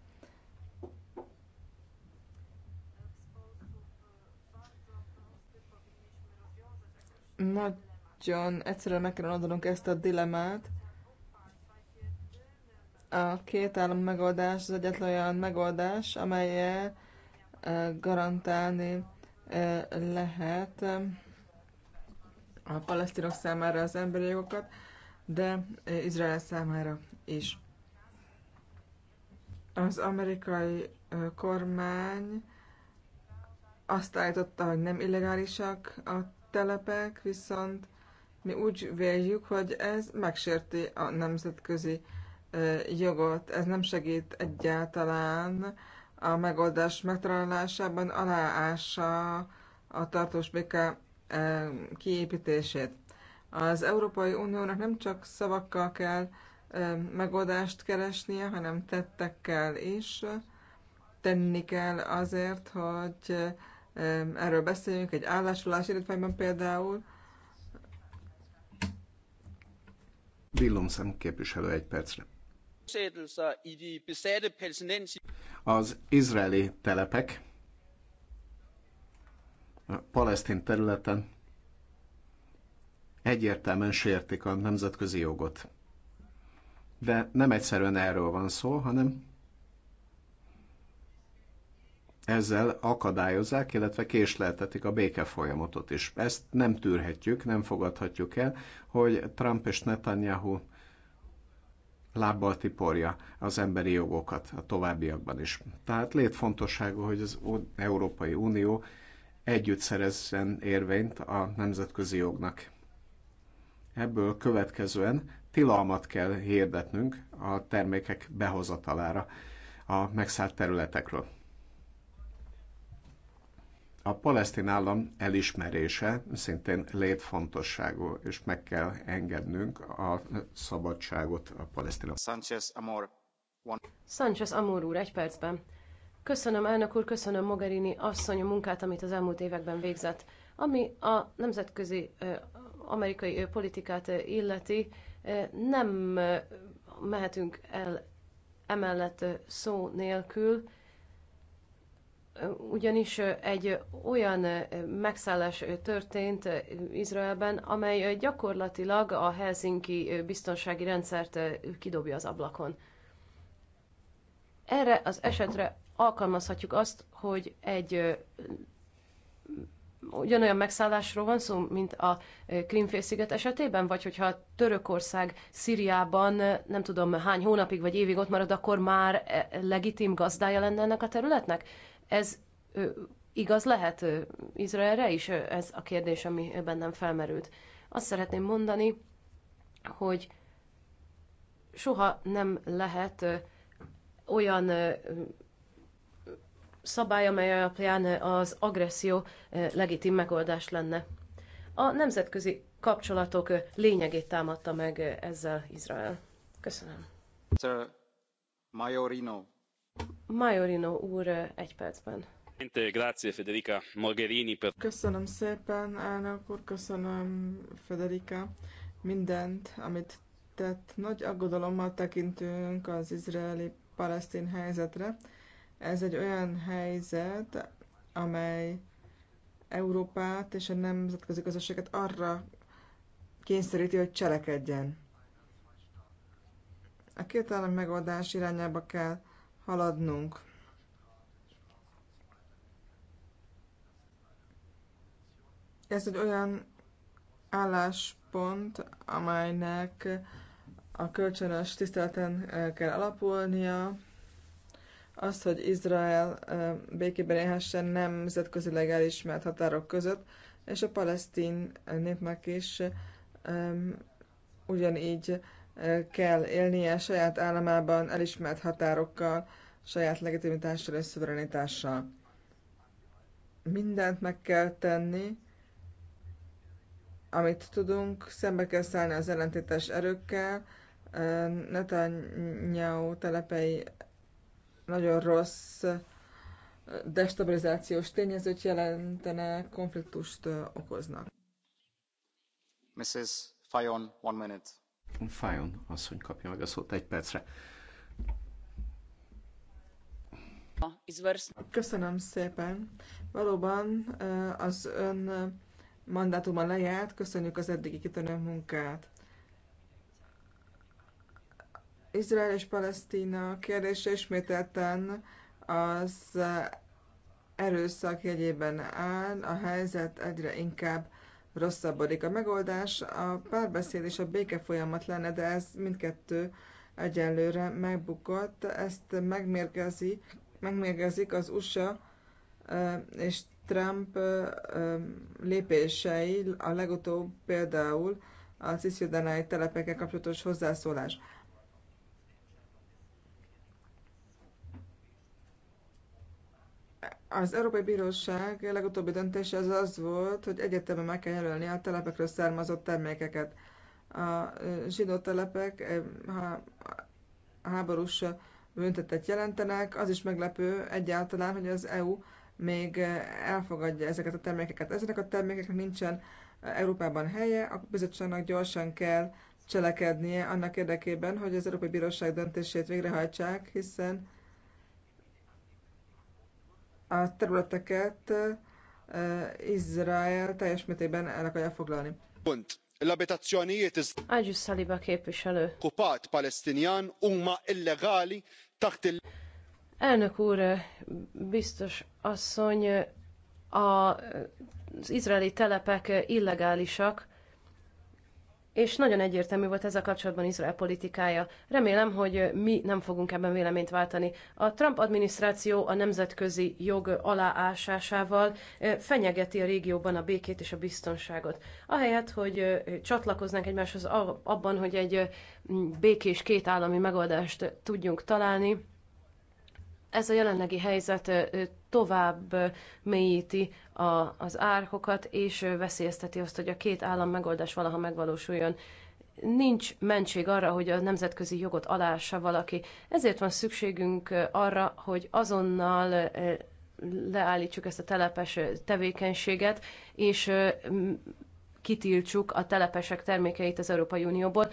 S4: Nagyon egyszerűen meg kell adnunk ezt a dilemmát. A két állam megoldás az egyetlen olyan megoldás, amelyet garantálni lehet a palesztinok számára az emberi jogokat, de Izrael számára is. Az amerikai kormány azt állította, hogy nem illegálisak a telepek, viszont mi úgy véljük, hogy ez megsérti a nemzetközi jogot. Ez nem segít egyáltalán a megoldás megtalálásában aláássa a tartós béke eh, kiépítését. Az Európai Uniónak nem csak szavakkal kell eh, megoldást keresnie, hanem tettekkel is tenni kell azért, hogy eh, erről beszéljünk egy állásolási iritványban például.
S1: Villomszem képviselő egy percre. Az izraeli telepek a palesztin területen egyértelműen sértik a nemzetközi jogot. De nem egyszerűen erről van szó, hanem ezzel akadályozzák, illetve késleltetik a béke folyamatot is. Ezt nem tűrhetjük, nem fogadhatjuk el, hogy Trump és Netanyahu lábbal tiporja az emberi jogokat a továbbiakban is. Tehát létfontosságú, hogy az Európai Unió együtt szerezzen érvényt a nemzetközi jognak. Ebből következően tilalmat kell hirdetnünk a termékek behozatalára a megszállt területekről. A palesztin állam elismerése szintén létfontosságú, és meg kell engednünk a szabadságot a palesztin. Sanchez Amor.
S3: One. Sanchez Amor úr, egy percben. Köszönöm, elnök úr, köszönöm Mogherini asszony a munkát, amit az elmúlt években végzett. Ami a nemzetközi amerikai politikát illeti, nem mehetünk el emellett szó nélkül, ugyanis egy olyan megszállás történt Izraelben, amely gyakorlatilag a Helsinki biztonsági rendszert kidobja az ablakon. Erre az esetre alkalmazhatjuk azt, hogy egy ugyanolyan megszállásról van szó, mint a Krimfélsziget esetében, vagy hogyha Törökország Szíriában nem tudom hány hónapig vagy évig ott marad, akkor már e, legitim gazdája lenne ennek a területnek? Ez igaz lehet Izraelre is? Ez a kérdés, ami bennem felmerült. Azt szeretném mondani, hogy soha nem lehet olyan szabály, amely alapján az agresszió legitim megoldás lenne. A nemzetközi kapcsolatok lényegét támadta meg ezzel Izrael. Köszönöm. Sir Majorino. Majorino úr egy percben.
S4: Köszönöm szépen, elnök úr, köszönöm Federica mindent, amit tett. Nagy aggodalommal tekintünk az izraeli-palesztin helyzetre. Ez egy olyan helyzet, amely Európát és a nemzetközi közösséget arra kényszeríti, hogy cselekedjen. A két állam megoldás irányába kell haladnunk. Ez egy olyan álláspont, amelynek a kölcsönös tiszteleten kell alapulnia, az, hogy Izrael békében élhessen nemzetközileg elismert határok között, és a palesztin népnek is um, ugyanígy kell élnie saját államában elismert határokkal, saját legitimitással és szuverenitással. Mindent meg kell tenni, amit tudunk, szembe kell szállni az ellentétes erőkkel. Netanyahu telepei nagyon rossz destabilizációs tényezőt jelentenek, konfliktust okoznak.
S1: Mrs. Fajon, one minute Fájon asszony kapja meg a szót egy percre.
S4: Köszönöm szépen. Valóban az ön mandátuma lejárt, köszönjük az eddigi kitörő munkát. Izrael és Palesztina kérdése ismételten az erőszak jegyében áll, a helyzet egyre inkább rosszabbodik. A megoldás a párbeszéd és a béke folyamat lenne, de ez mindkettő egyelőre megbukott. Ezt megmérgezi, megmérgezik az USA és Trump lépései, a legutóbb például a cisziodánai telepekkel kapcsolatos hozzászólás. Az Európai Bíróság legutóbbi döntése az az volt, hogy egyetemben meg kell jelölni a telepekről származott termékeket. A zsidó telepek ha háborús büntetet jelentenek, az is meglepő egyáltalán, hogy az EU még elfogadja ezeket a termékeket. Ezeknek a termékeknek nincsen Európában helye, a bizottságnak gyorsan kell cselekednie annak érdekében, hogy az Európai Bíróság döntését végrehajtsák, hiszen a területeket Izrael teljes mértékben el akarja foglalni.
S3: Pont. L-abitazzjonijiet iż.
S4: Għagġu Saliba képviselő.
S3: Kupat palestinjan
S1: umma illegali taħt il.
S3: Elnök úr, biztos asszony, a, az izraeli telepek illegálisak, és nagyon egyértelmű volt ezzel kapcsolatban Izrael politikája. Remélem, hogy mi nem fogunk ebben véleményt váltani. A Trump adminisztráció a nemzetközi jog aláásásával eh, fenyegeti a régióban a békét és a biztonságot. Ahelyett, hogy eh, csatlakoznánk egymáshoz abban, hogy egy eh, békés kétállami megoldást tudjunk találni, ez a jelenlegi helyzet tovább mélyíti a, az árkokat, és veszélyezteti azt, hogy a két állam megoldás valaha megvalósuljon. Nincs mentség arra, hogy a nemzetközi jogot alássa valaki. Ezért van szükségünk arra, hogy azonnal leállítsuk ezt a telepes tevékenységet, és kitiltsuk a telepesek termékeit az Európai Unióból.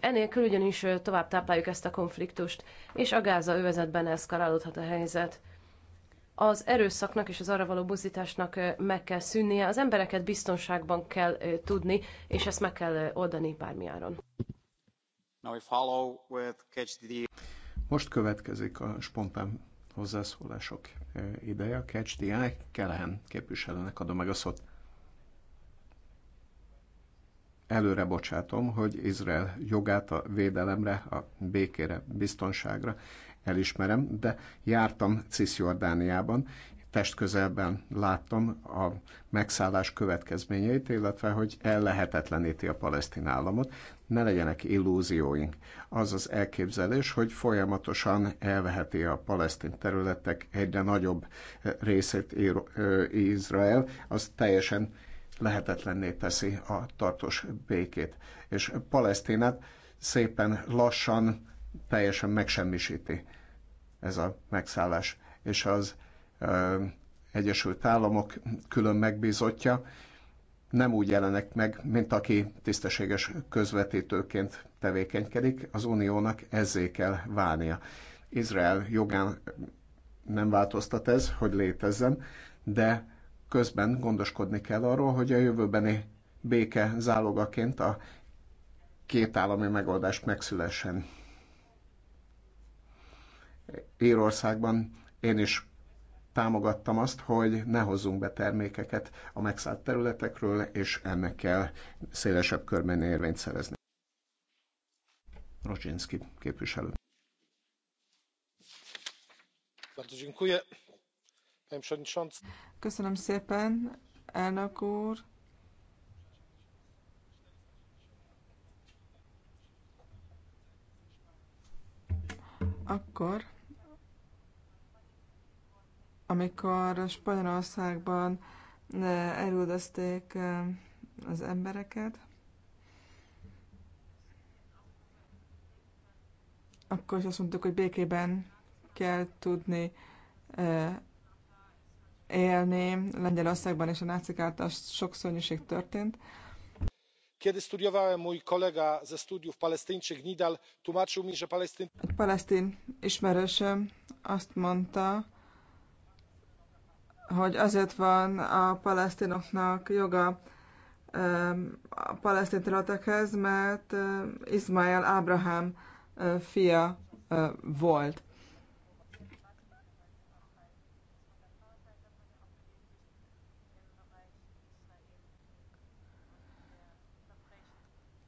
S3: Enélkül ugyanis tovább tápláljuk ezt a konfliktust, és a Gáza övezetben eszkalálódhat a helyzet. Az erőszaknak és az arra való buzításnak meg kell szűnnie, az embereket biztonságban kell tudni, és ezt meg kell oldani bármiáron.
S1: Most következik a spontán hozzászólások ideje. Catch the Eye, Kelehen képviselőnek adom meg a szót előre bocsátom, hogy Izrael jogát a védelemre, a békére, biztonságra elismerem, de jártam Cisjordániában, testközelben láttam a megszállás következményeit, illetve hogy ellehetetleníti a palesztin államot. Ne legyenek illúzióink. Az az elképzelés, hogy folyamatosan elveheti a palesztin területek egyre nagyobb részét Izrael, az teljesen lehetetlenné teszi a tartós békét. És Palesztinát szépen lassan teljesen megsemmisíti ez a megszállás. És az ö, Egyesült Államok külön megbízottja nem úgy jelenek meg, mint aki tisztességes közvetítőként tevékenykedik, az uniónak ezzé kell válnia. Izrael jogán nem változtat ez, hogy létezzen, de közben gondoskodni kell arról, hogy a jövőbeni béke zálogaként a két állami megoldás megszülessen. Írországban én is támogattam azt, hogy ne hozzunk be termékeket a megszállt területekről, és ennek kell szélesebb körben érvényt szerezni. Rocsinski
S4: képviselő.
S3: Bardzo dziękuję.
S4: Köszönöm szépen, elnök úr. Akkor, amikor Spanyolországban eh, elüldözték eh, az embereket, akkor is azt mondtuk, hogy békében kell tudni eh, élni. Lengyelországban és a nácik által sok szörnyűség történt.
S1: Kiedy studiowałem, mój kolega ze studiów palestyńczyk Nidal tłumaczył
S4: mi, że Palesztyn... Egy palesztin ismerősöm azt mondta, hogy azért van a palesztinoknak joga a palesztin területekhez, mert Izmael Ábrahám fia volt.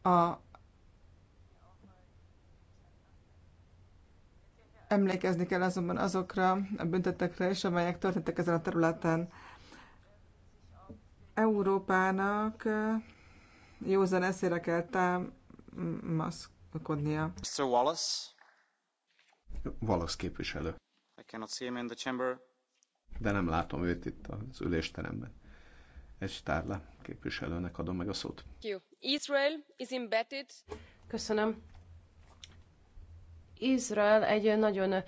S4: a Emlékezni kell azonban azokra a büntetekre is, amelyek történtek ezen a területen. Európának eh, józan eszére kell támaszkodnia. Mr.
S1: Wallace? Wallace képviselő. I cannot see him in the chamber. De nem látom őt itt az ülésteremben és Tárla képviselőnek
S3: adom meg a szót. Israel is embedded. Köszönöm. Izrael egy nagyon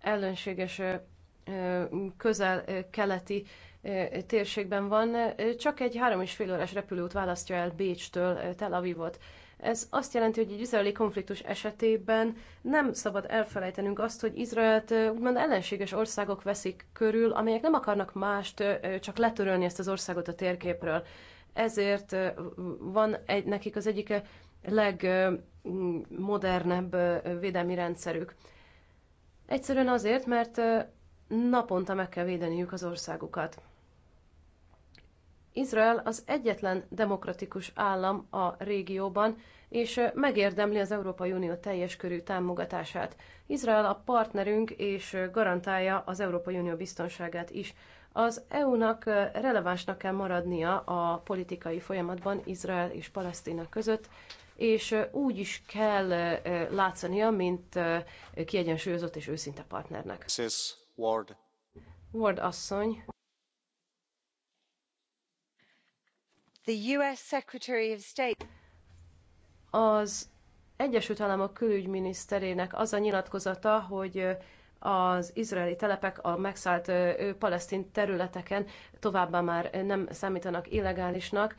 S3: ellenséges közel-keleti térségben van, csak egy három és fél órás repülőt választja el Bécstől Tel Avivot. Ez azt jelenti, hogy egy izraeli konfliktus esetében nem szabad elfelejtenünk azt, hogy Izraelt úgymond ellenséges országok veszik körül, amelyek nem akarnak mást, csak letörölni ezt az országot a térképről. Ezért van egy, nekik az egyik legmodernebb védelmi rendszerük. Egyszerűen azért, mert naponta meg kell védeniük az országukat. Izrael az egyetlen demokratikus állam a régióban, és megérdemli az Európai Unió teljes körű támogatását. Izrael a partnerünk, és garantálja az Európai Unió biztonságát is. Az EU-nak relevánsnak kell maradnia a politikai folyamatban Izrael és Palesztina között, és úgy is kell látszania, mint kiegyensúlyozott és őszinte partnernek. Ward. Ward asszony. Az Egyesült Államok külügyminiszterének az a nyilatkozata, hogy az izraeli telepek a megszállt palesztin területeken továbbá már nem számítanak illegálisnak,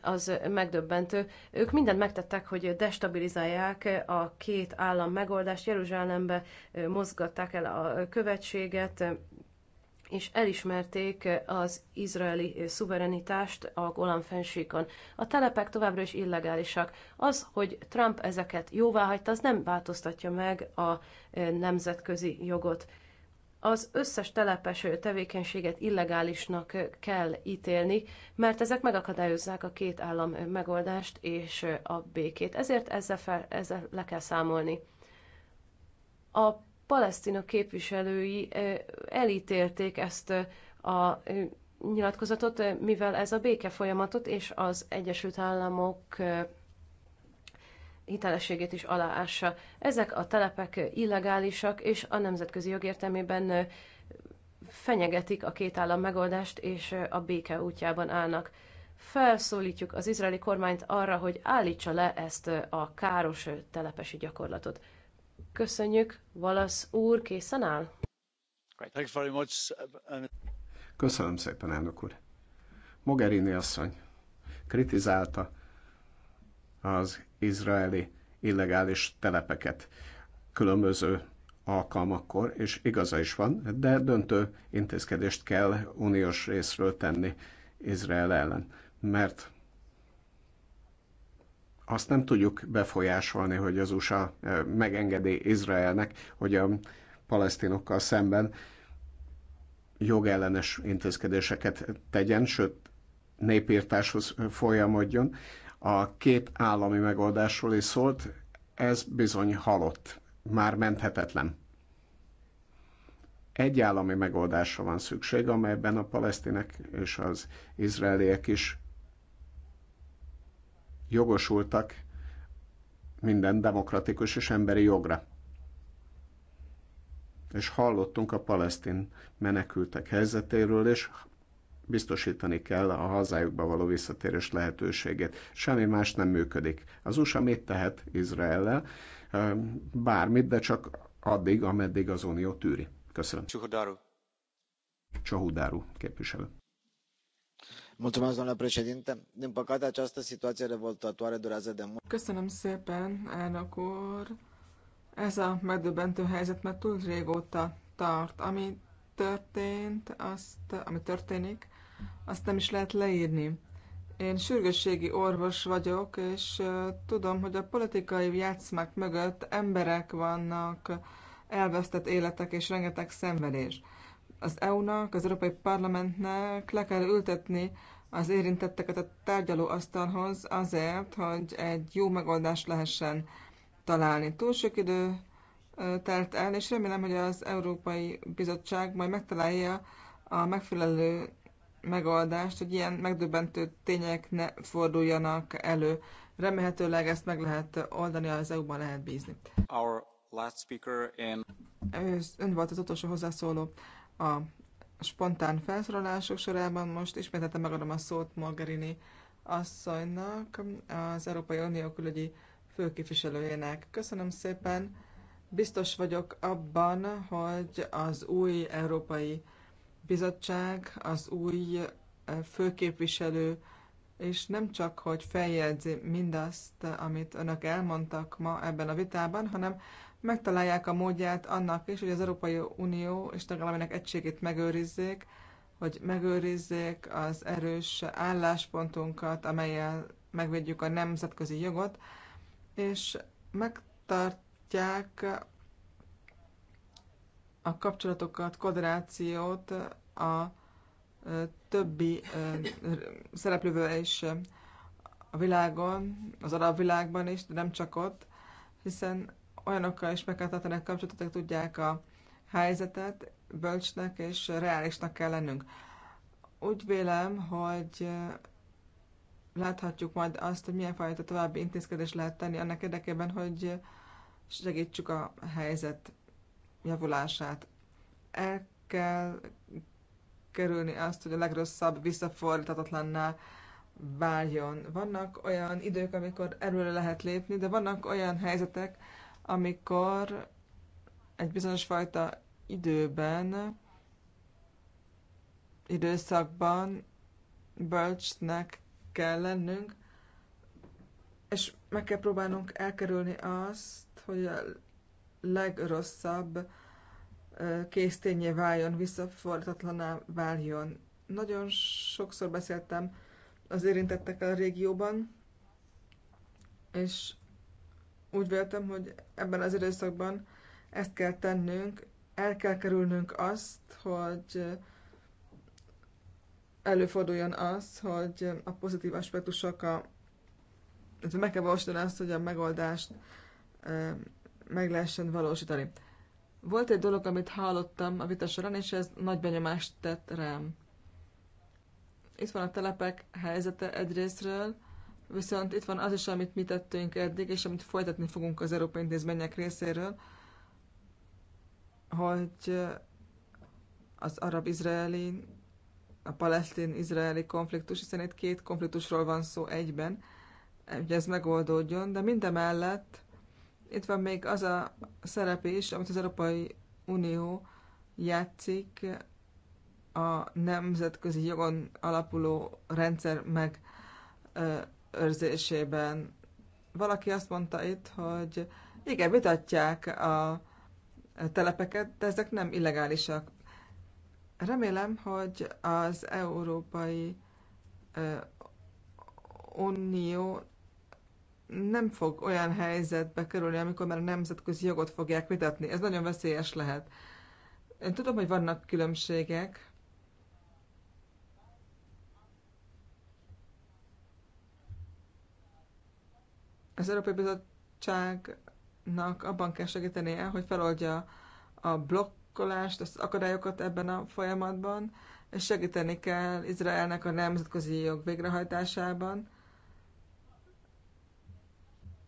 S3: az megdöbbentő. Ők mindent megtettek, hogy destabilizálják a két állam megoldást. Jeruzsálembe mozgatták el a követséget, és elismerték az izraeli szuverenitást a Golan fensíkon. A telepek továbbra is illegálisak. Az, hogy Trump ezeket jóváhagyta, az nem változtatja meg a e, nemzetközi jogot. Az összes telepes tevékenységet illegálisnak kell ítélni, mert ezek megakadályozzák a két állam megoldást és a békét. Ezért ezzel, fel, ezzel le kell számolni. A palesztina képviselői elítélték ezt a nyilatkozatot, mivel ez a béke folyamatot és az Egyesült Államok hitelességét is aláássa. Ezek a telepek illegálisak, és a nemzetközi jog értelmében fenyegetik a két állam megoldást, és a béke útjában állnak. Felszólítjuk az izraeli kormányt arra, hogy állítsa le ezt a káros telepesi gyakorlatot. Köszönjük, Valasz úr, készen áll?
S1: Uh, Köszönöm szépen, elnök úr. Mogherini asszony kritizálta az izraeli illegális telepeket különböző alkalmakkor, és igaza is van, de döntő intézkedést kell uniós részről tenni Izrael ellen, mert azt nem tudjuk befolyásolni, hogy az USA eh, megengedi Izraelnek, hogy a palesztinokkal szemben jogellenes intézkedéseket tegyen, sőt, népírtáshoz eh, folyamodjon. A két állami megoldásról is szólt, ez bizony halott, már menthetetlen. Egy állami megoldásra van szükség, amelyben a palesztinek és az izraeliek is jogosultak minden demokratikus és emberi jogra. És hallottunk a palesztin menekültek helyzetéről, és biztosítani kell a hazájukba való visszatérés lehetőségét. Semmi más nem működik. Az USA mit tehet Izraellel? Bármit, de csak addig, ameddig az Unió tűri. Köszönöm.
S4: Csuhudáru. Csuhudáru képviselő doamnă președintă din păcate această situație revoltătoare durează de mult. Köszönöm szépen, elnök úr. Ez a megdöbbentő helyzet már túl régóta tart. Ami történt, azt, ami történik, azt nem is lehet leírni. Én sürgősségi orvos vagyok, és tudom, hogy a politikai játszmák mögött emberek vannak, elvesztett életek és rengeteg szenvedés az EU-nak, az Európai Parlamentnek le kell ültetni az érintetteket a tárgyalóasztalhoz azért, hogy egy jó megoldást lehessen találni. Túl sok idő telt el, és remélem, hogy az Európai Bizottság majd megtalálja a megfelelő megoldást, hogy ilyen megdöbbentő tények ne forduljanak elő. Remélhetőleg ezt meg lehet oldani, az EU-ban lehet bízni.
S1: Our last speaker in...
S4: Ön volt az utolsó hozzászóló a spontán felszólalások sorában. Most ismételten megadom a szót Mogherini asszonynak, az Európai Unió külügyi főképviselőjének. Köszönöm szépen! Biztos vagyok abban, hogy az új Európai Bizottság, az új e, főképviselő, és nem csak, hogy feljegyzi mindazt, amit önök elmondtak ma ebben a vitában, hanem megtalálják a módját annak is, hogy az Európai Unió és tagállamának egységét megőrizzék, hogy megőrizzék az erős álláspontunkat, amelyel megvédjük a nemzetközi jogot, és megtartják a kapcsolatokat, koderációt a többi szereplővel is a világon, az arab világban is, de nem csak ott, hiszen olyanokkal is meg kell tartani kapcsolatot, hogy tudják a helyzetet, bölcsnek és reálisnak kell lennünk. Úgy vélem, hogy láthatjuk majd azt, hogy milyen fajta további intézkedés lehet tenni annak érdekében, hogy segítsük a helyzet javulását. El kell kerülni azt, hogy a legrosszabb visszafordítatatlanná váljon. Vannak olyan idők, amikor erről lehet lépni, de vannak olyan helyzetek, amikor egy bizonyos fajta időben, időszakban bölcsnek kell lennünk, és meg kell próbálnunk elkerülni azt, hogy a legrosszabb késztényé váljon, visszafordítatlaná váljon. Nagyon sokszor beszéltem az érintettekkel a régióban, és úgy véltem, hogy ebben az időszakban ezt kell tennünk, el kell kerülnünk azt, hogy előforduljon az, hogy a pozitív aspektusok a meg kell valósítani azt, hogy a megoldást meg lehessen valósítani. Volt egy dolog, amit hallottam a vita során, és ez nagy benyomást tett rám. Itt van a telepek helyzete egyrésztről, viszont itt van az is, amit mi tettünk eddig, és amit folytatni fogunk az Európai Intézmények részéről, hogy az arab-izraeli, a palesztin-izraeli konfliktus, hiszen itt két konfliktusról van szó egyben, hogy ez megoldódjon, de mindemellett itt van még az a szerep is, amit az Európai Unió játszik a nemzetközi jogon alapuló rendszer meg őrzésében. Valaki azt mondta itt, hogy igen, vitatják a telepeket, de ezek nem illegálisak. Remélem, hogy az Európai Unió nem fog olyan helyzetbe kerülni, amikor már a nemzetközi jogot fogják vitatni. Ez nagyon veszélyes lehet. Én tudom, hogy vannak különbségek, Az Európai Bizottságnak abban kell segítenie, hogy feloldja a blokkolást, az akadályokat ebben a folyamatban, és segíteni kell Izraelnek a nemzetközi jog végrehajtásában.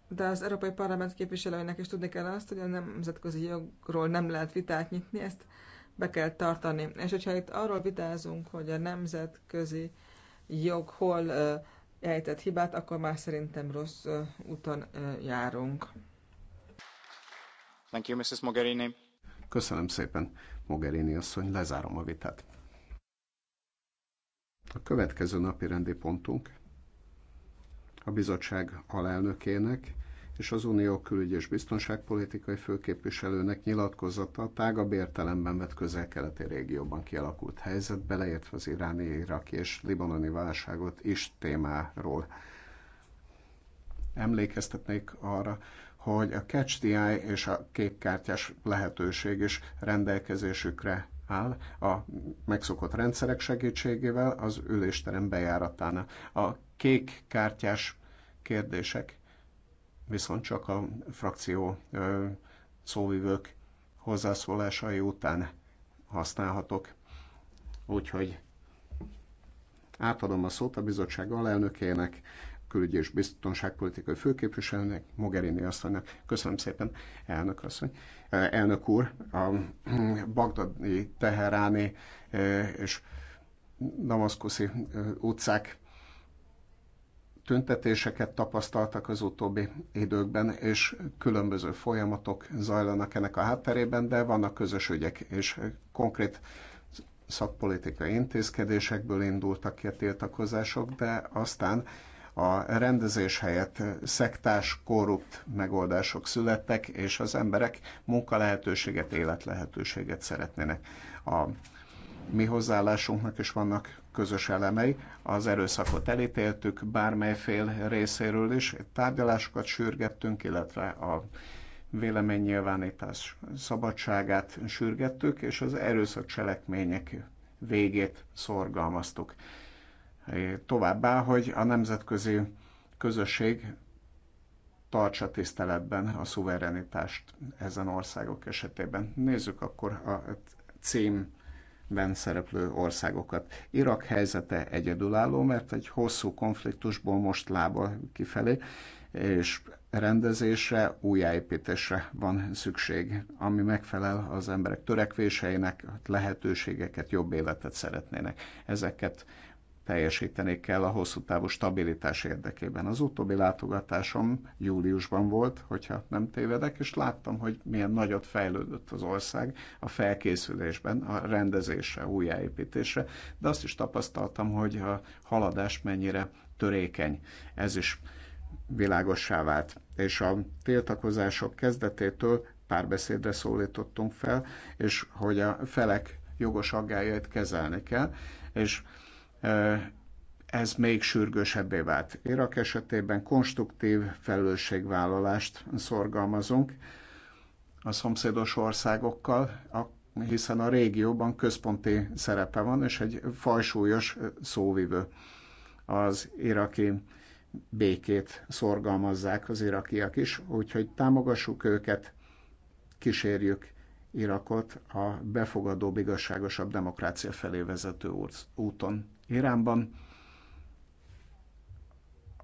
S4: De az Európai Parlament képviselőinek is tudni kell azt, hogy a nemzetközi jogról nem lehet vitát nyitni, ezt be kell tartani. És hogyha itt arról vitázunk, hogy a nemzetközi jog hol uh, ejtett hibát, akkor már szerintem rossz úton járunk.
S1: Thank you, Mrs. Mogherini. Köszönöm szépen, Mogherini asszony, lezárom a vitát. A következő napi rendi pontunk a bizottság alelnökének és az Unió külügy és biztonságpolitikai főképviselőnek nyilatkozata a tágabb értelemben vett közel-keleti régióban kialakult helyzet, beleértve az iráni, iraki és libanoni válságot is témáról. Emlékeztetnék arra, hogy a Catch the Eye és a kékkártyás lehetőség is rendelkezésükre áll a megszokott rendszerek segítségével az ülésterem bejáratánál. A kék kártyás kérdések viszont csak a frakció szóvivők hozzászólásai után használhatok. Úgyhogy átadom a szót a bizottság alelnökének, külügy és biztonságpolitikai főképviselőnek, Mogherini asszonynak. Köszönöm szépen, elnök asszony. Elnök úr, a bagdadi, teheráni és damaszkuszi utcák tüntetéseket tapasztaltak az utóbbi időkben, és különböző folyamatok zajlanak ennek a hátterében, de vannak közös ügyek, és konkrét szakpolitikai intézkedésekből indultak ki a tiltakozások, de aztán a rendezés helyett szektás, korrupt megoldások születtek, és az emberek munkalehetőséget, életlehetőséget szeretnének. A mi hozzáállásunknak is vannak közös elemei. Az erőszakot elítéltük bármely fél részéről is, tárgyalásokat sürgettünk, illetve a véleménynyilvánítás szabadságát sürgettük, és az erőszak cselekmények végét szorgalmaztuk. Továbbá, hogy a nemzetközi közösség tartsa tiszteletben a szuverenitást ezen országok esetében. Nézzük akkor a cím ben szereplő országokat. Irak helyzete egyedülálló, mert egy hosszú konfliktusból most lába kifelé, és rendezésre, újjáépítésre van szükség, ami megfelel az emberek törekvéseinek, lehetőségeket, jobb életet szeretnének. Ezeket teljesíteni kell a hosszú távú stabilitás érdekében. Az utóbbi látogatásom júliusban volt, hogyha nem tévedek, és láttam, hogy milyen nagyot fejlődött az ország a felkészülésben, a rendezésre, újjáépítésre, de azt is tapasztaltam, hogy a haladás mennyire törékeny. Ez is világossá vált. És a tiltakozások kezdetétől párbeszédre szólítottunk fel, és hogy a felek jogos aggájait kezelni kell, és ez még sürgősebbé vált. Irak esetében konstruktív felelősségvállalást szorgalmazunk a szomszédos országokkal, hiszen a régióban központi szerepe van, és egy fajsúlyos szóvivő az iraki békét szorgalmazzák az irakiak is, úgyhogy támogassuk őket, kísérjük Irakot a befogadó, igazságosabb demokrácia felé vezető úton. Iránban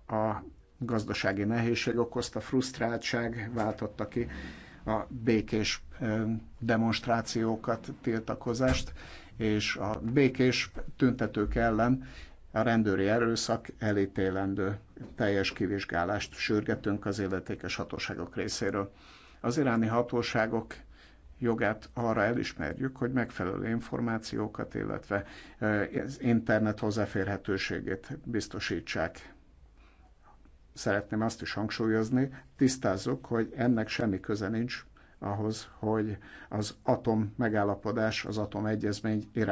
S1: a gazdasági nehézség okozta frusztráltság váltotta ki a békés demonstrációkat, tiltakozást, és a békés tüntetők ellen a rendőri erőszak elítélendő teljes kivizsgálást sürgetünk az illetékes hatóságok részéről. Az iráni hatóságok jogát arra elismerjük, hogy megfelelő információkat, illetve az internet hozzáférhetőségét biztosítsák. Szeretném azt is hangsúlyozni, tisztázzuk, hogy ennek semmi köze nincs ahhoz, hogy az atom megállapodás, az egyezmény irány